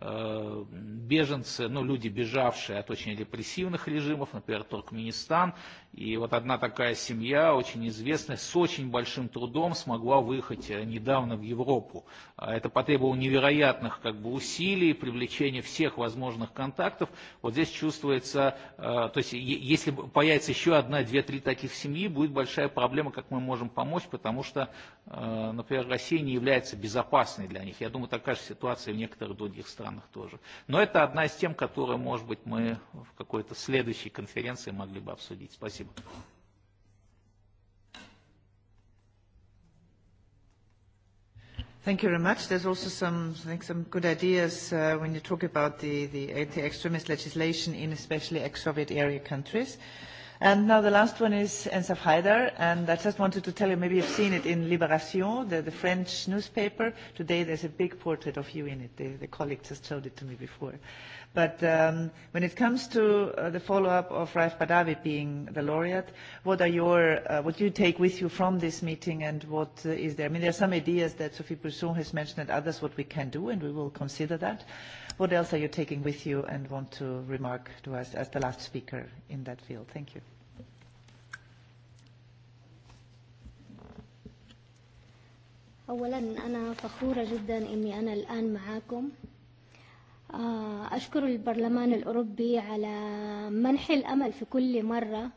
беженцы, ну, люди, бежавшие от очень репрессивных режимов, например, Туркменистан, И вот одна такая семья, очень известная, с очень большим трудом смогла выехать недавно в Европу. Это потребовало невероятных как бы, усилий, привлечения всех возможных контактов. Вот здесь чувствуется, то есть если появится еще одна, две, три таких семьи, будет большая проблема, как мы можем помочь, потому что, например, Россия не является безопасной для них. Я думаю, такая же ситуация в некоторых других странах тоже. Но это одна из тем, которые, может быть, мы в какой-то следующей конференции могли бы обсудить. Спасибо. Thank you very much. There's also some, I think, some good ideas uh, when you talk about the, the anti-extremist legislation in especially ex-Soviet area countries. And now the last one is Ensaf Haidar, and I just wanted to tell you, maybe you've seen it in Libération, the, the French newspaper. Today there's a big portrait of you in it. The, the colleague just showed it to me before. Uh, But um, when it comes to uh, the follow-up of Raif Badawi being the laureate, what are your, uh, what do you take with you from this meeting and what uh, is there? I mean, there are some ideas that Sophie Pousson has mentioned and others what we can do, and we will consider that. What else are you taking with you and want to remark to us as the last speaker in that field? Thank you. أولاً أنا فخورة جداً أني أنا الآن معكم أشكر البرلمان الأوروبي على منح الأمل في كل مرة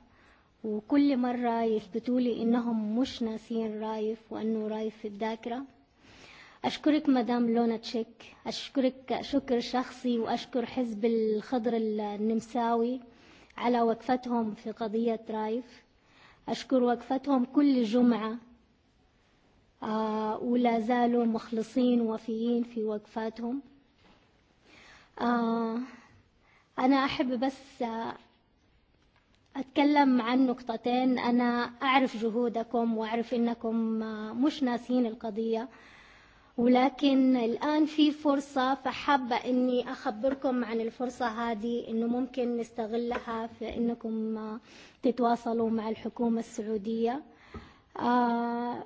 وكل مرة يثبتوا لي إنهم مش ناسين رايف وأنه رايف في الذاكرة أشكرك مدام لونا تشيك أشكرك شكر شخصي وأشكر حزب الخضر النمساوي على وقفتهم في قضية رايف أشكر وقفتهم كل جمعة ولا زالوا مخلصين وفيين في وقفاتهم أنا أحب بس أتكلم عن نقطتين أنا أعرف جهودكم وأعرف أنكم مش ناسين القضية ولكن الآن في فرصة فحابة أني أخبركم عن الفرصة هذه أنه ممكن نستغلها في أنكم تتواصلوا مع الحكومة السعودية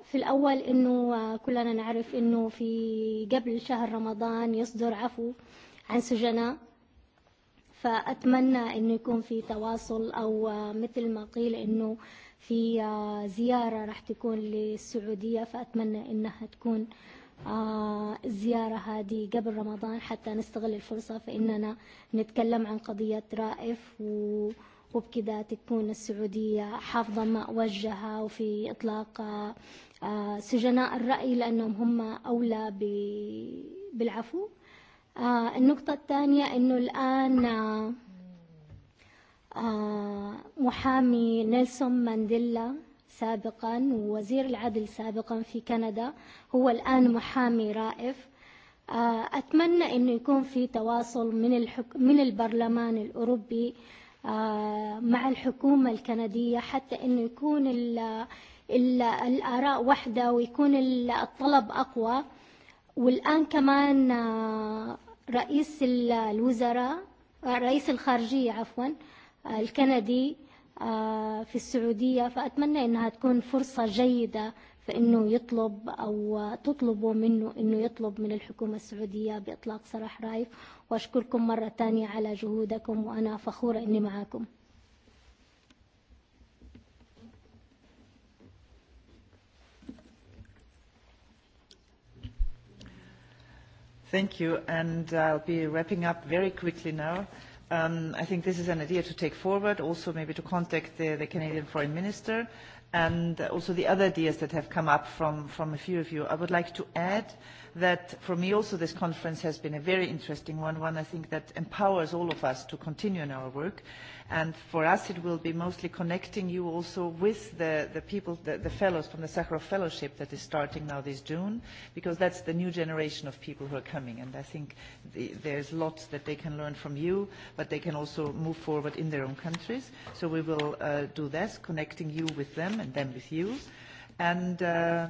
في الأول أنه كلنا نعرف أنه في قبل شهر رمضان يصدر عفو عن سجناء فأتمنى أن يكون في تواصل أو مثل ما قيل أنه في زيارة راح تكون للسعودية فأتمنى أنها تكون الزيارة هذه قبل رمضان حتى نستغل الفرصة فإننا نتكلم عن قضية رائف وبكذا تكون السعودية حافظة ما وجهها وفي إطلاق سجناء الرأي لأنهم هم أولى بالعفو آه النقطة الثانية أنه الآن آه محامي نيلسون مانديلا سابقا ووزير العدل سابقا في كندا هو الآن محامي رائف آه أتمنى أنه يكون في تواصل من, الحك... من البرلمان الأوروبي آه مع الحكومة الكندية حتى أنه يكون الـ الـ الآراء وحدة ويكون الطلب أقوى والآن كمان رئيس الوزراء رئيس الخارجية عفوا الكندي في السعودية فأتمنى أنها تكون فرصة جيدة فإنه يطلب أو تطلبوا منه أنه يطلب من الحكومة السعودية بإطلاق سراح رايف وأشكركم مرة ثانية على جهودكم وأنا فخورة أني معكم Thank you, and I'll be wrapping up very quickly now. Um, I think this is an idea to take forward, also maybe to contact the, the Canadian Foreign Minister and also the other ideas that have come up from, from a few of you. I would like to add that for me also this conference has been a very interesting one, one I think that empowers all of us to continue in our work. And for us it will be mostly connecting you also with the, the people, the, the fellows from the Sakharov Fellowship that is starting now this June, because that's the new generation of people who are coming. And I think the, there's lots that they can learn from you, but they can also move forward in their own countries. So we will uh, do this, connecting you with them and them with you. And uh,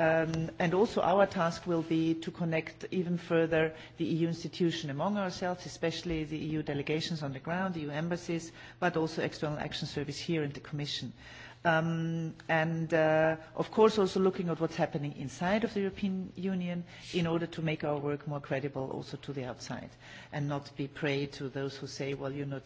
Um, and also our task will be to connect even further the EU institution among ourselves, especially the EU delegations on the ground, the EU embassies, but also External Action Service here in the Commission. Uh, um, and uh, of course also looking at what's happening inside of the European Union in order to make our work more credible also to the outside and not be prey to those who say, well, you're not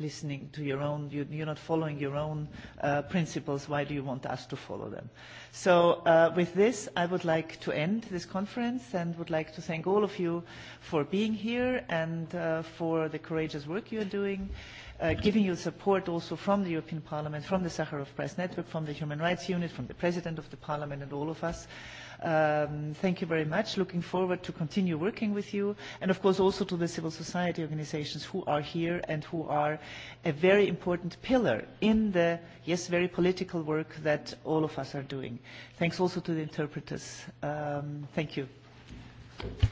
listening to your own, you, you're not following your own uh, principles, why do you want us to follow them? So uh, with this, I would like to end this conference and would like to thank all of you for being here and uh, for the courageous work you're doing uh, giving you support also from the European Parliament, from the Sakharov Press Network, from the Human Rights Unit, from the President of the Parliament and all of us. Um, thank you very much. Looking forward to continue working with you and of course also to the civil society organizations who are here and who are a very important pillar in the, yes, very political work that all of us are doing. Thanks also to the interpreters. Um, thank you. thank you.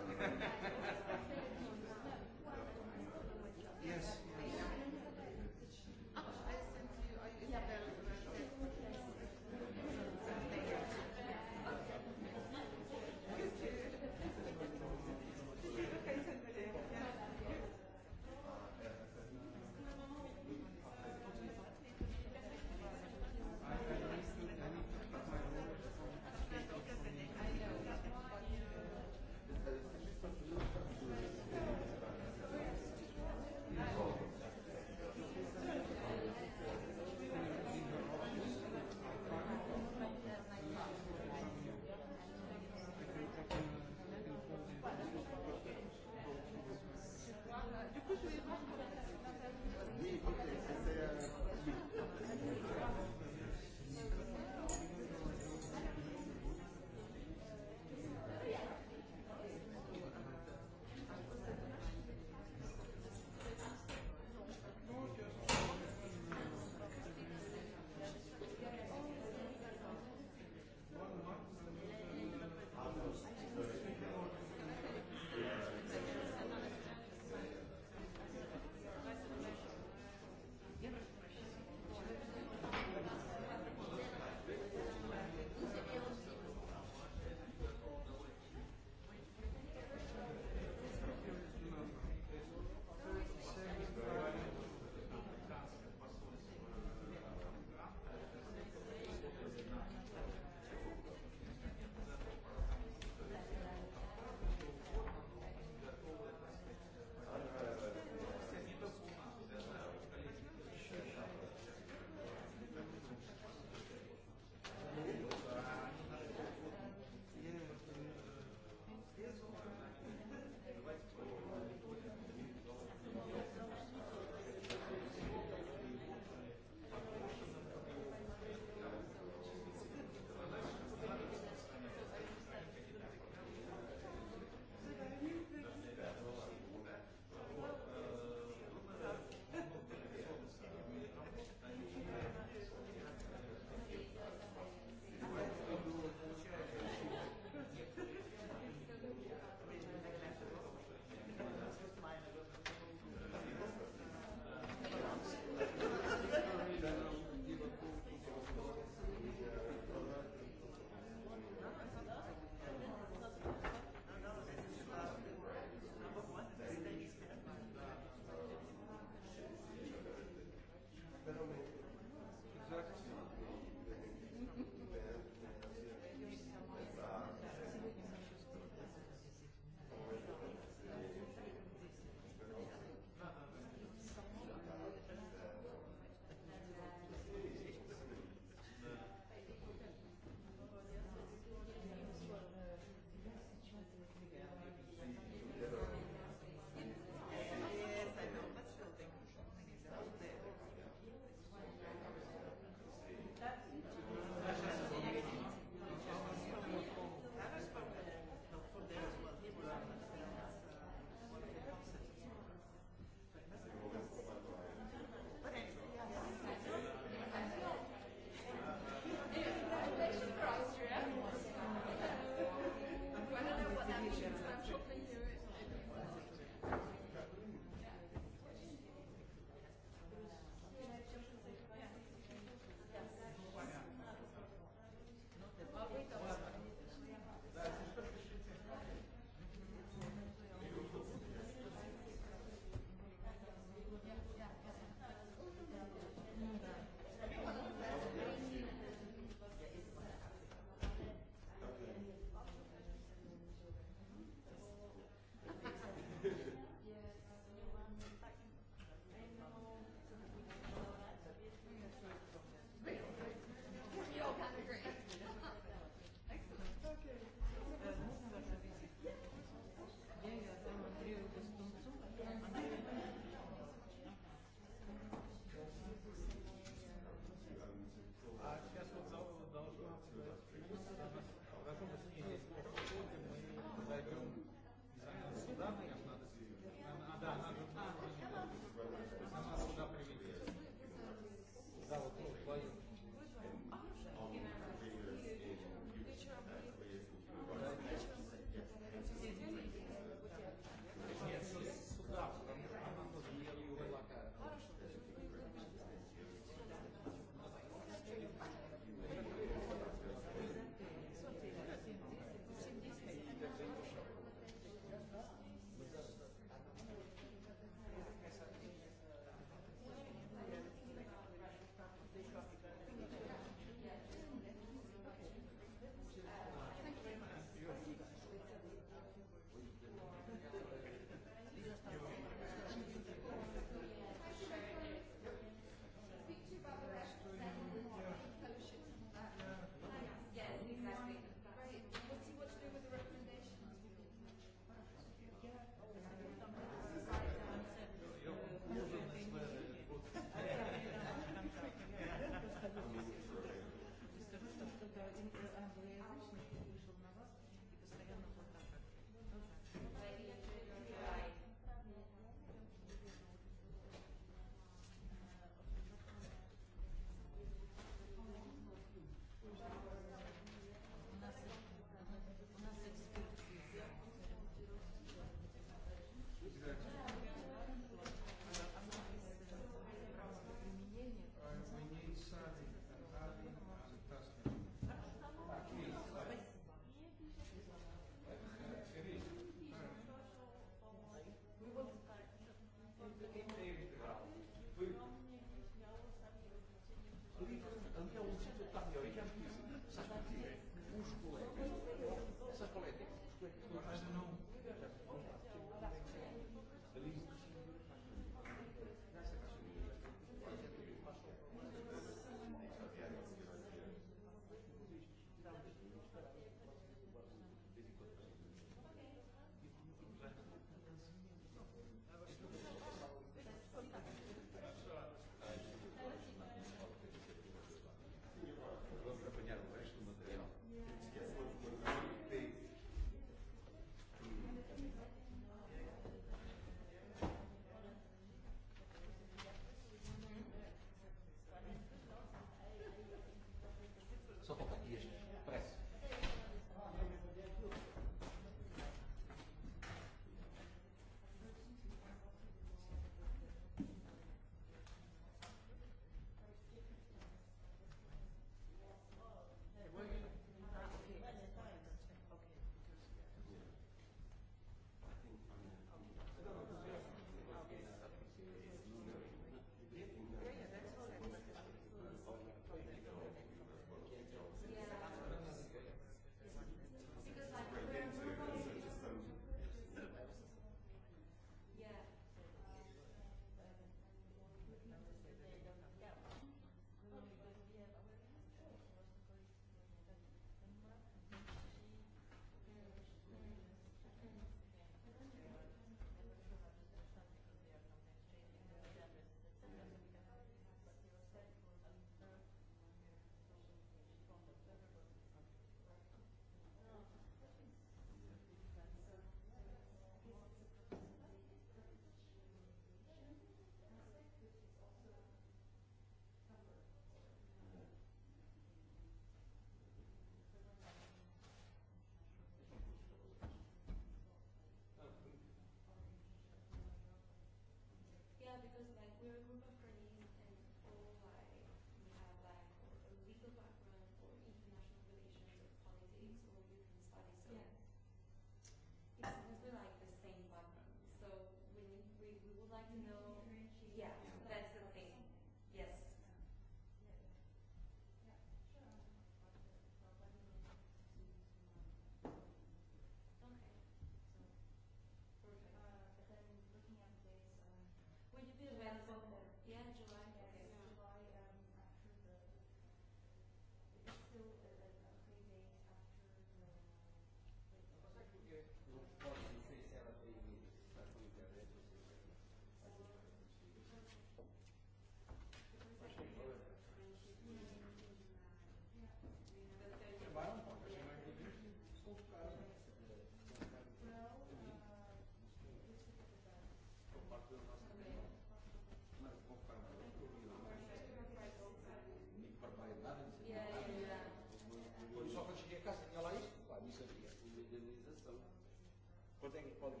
Contém, podem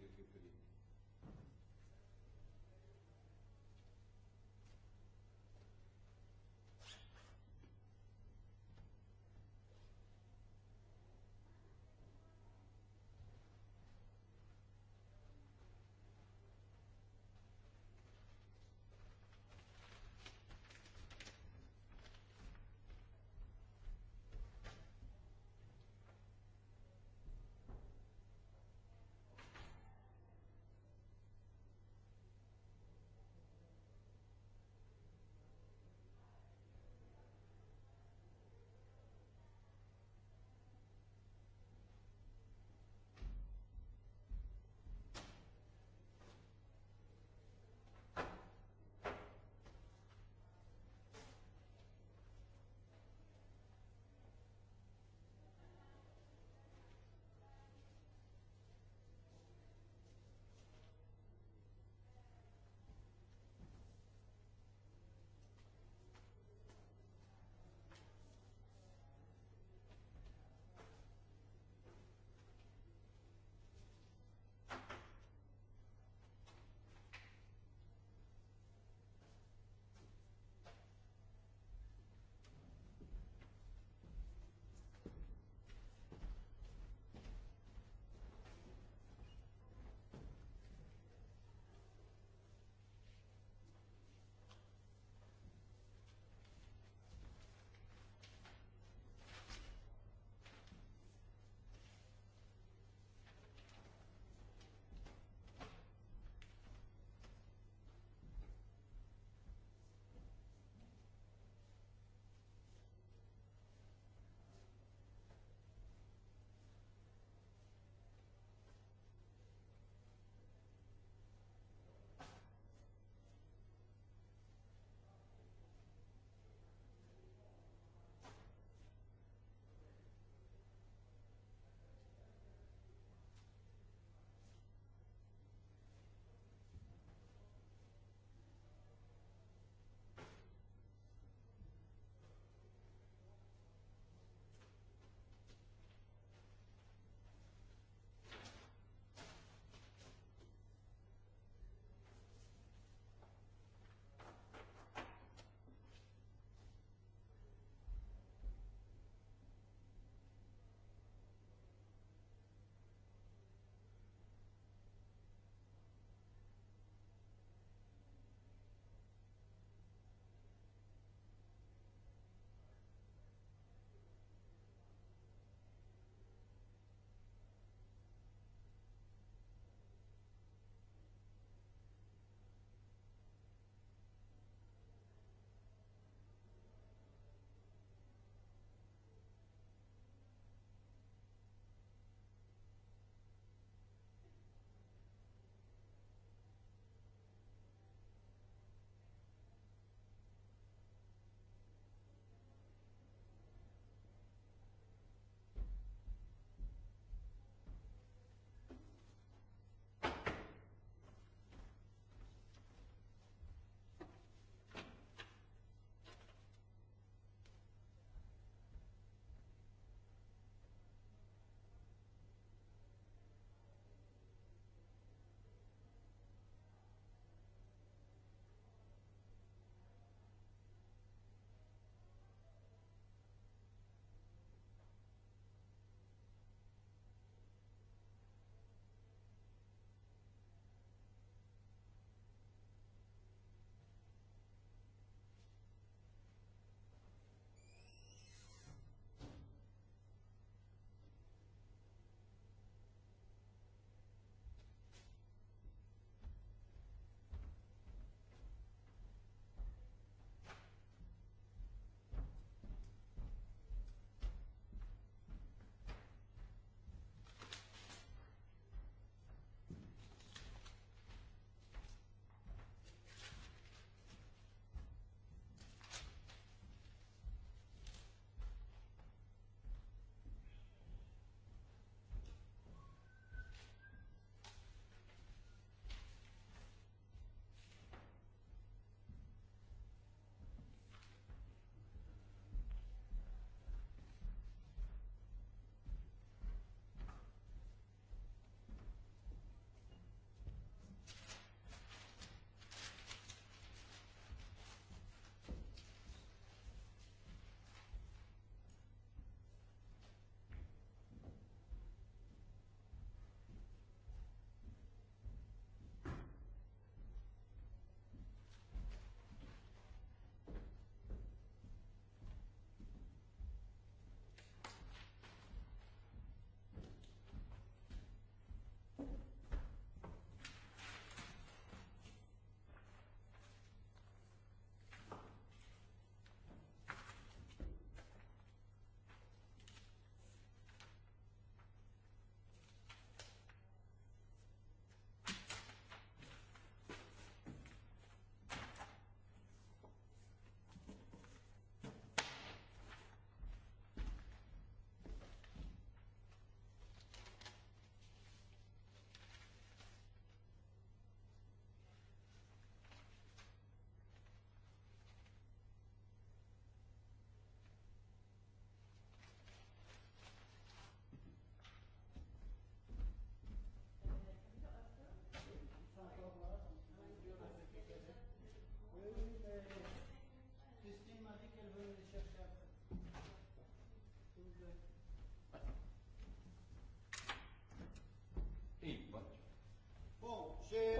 működik.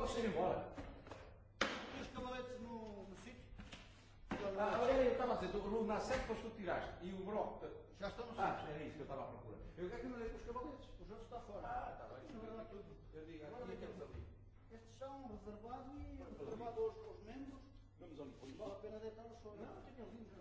Vamos embora. Os cavaletes no, no sítio? Ah, era, eu estava a dizer, o Lunacek depois tu tiraste e o Brock. Já estão no sítio. Ah, era isso que eu estava à procura. Eu quero que me dei com os cavaletes. O jogo está fora. Ah, está bem. Não era tudo. Eu digo, aqui é que eles ali. Estes são reservados e reservados aos, aos membros. Vamos ao fundo. Vale a pena deitar os sonhos. Não, tenho lindo.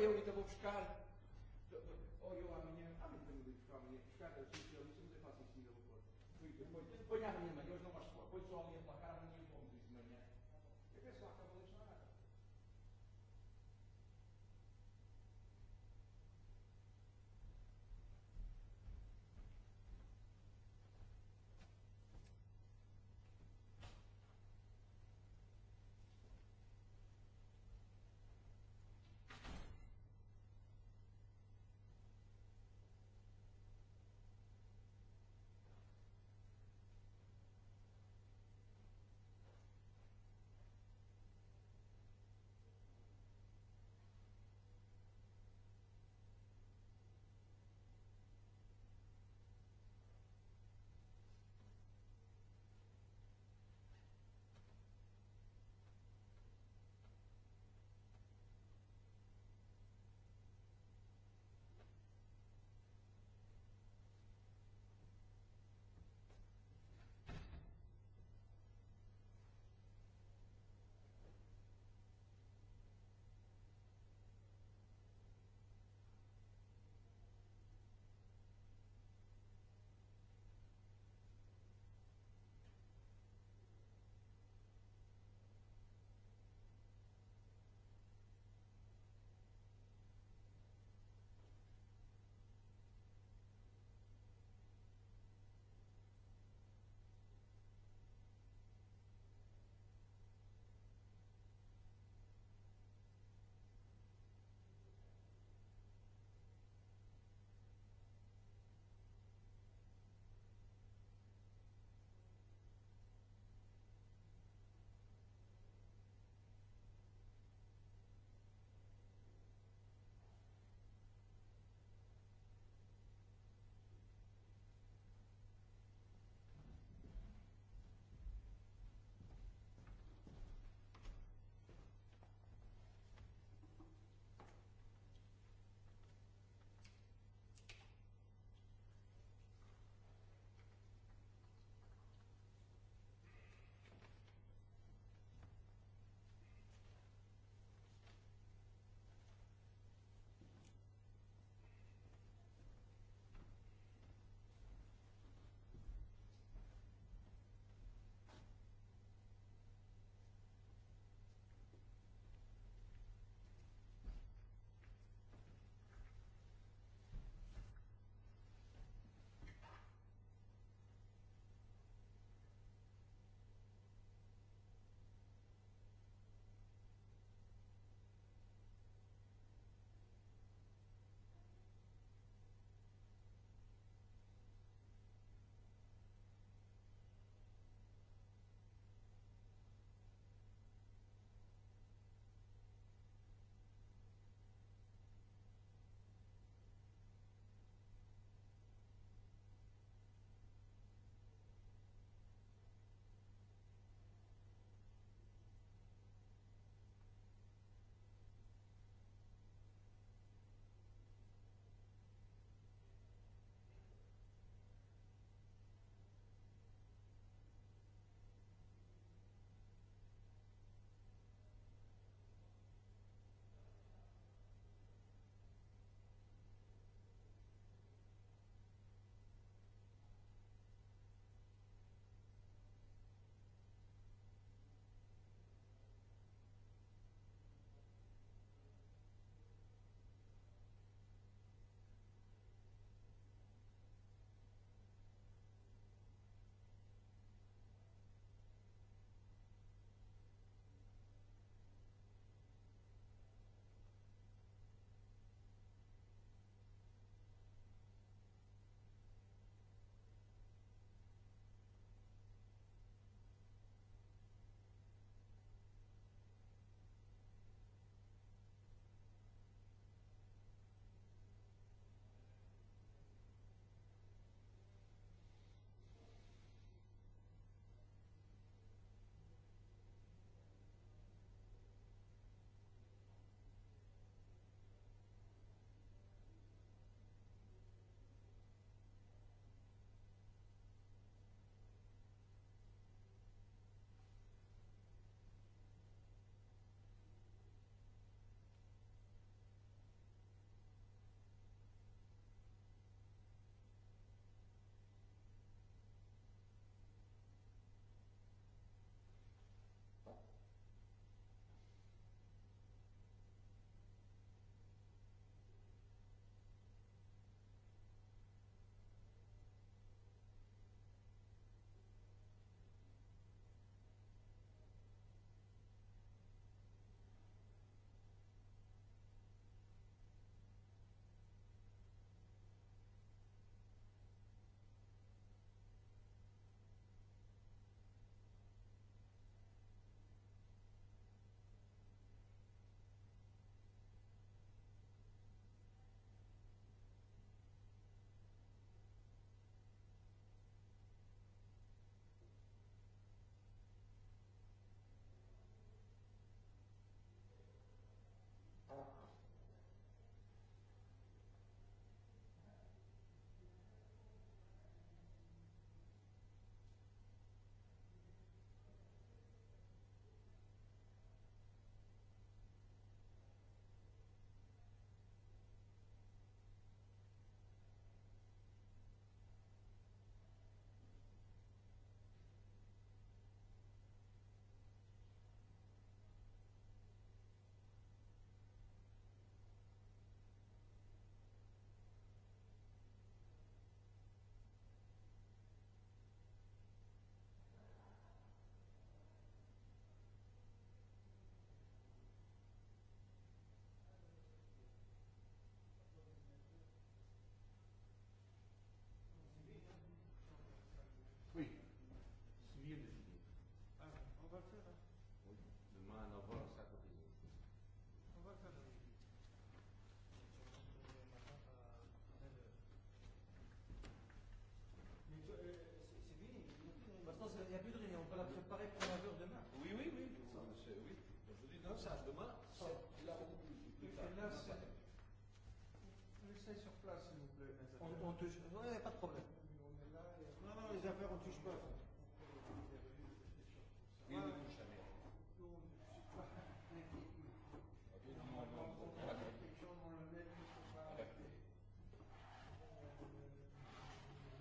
jo jau įdomu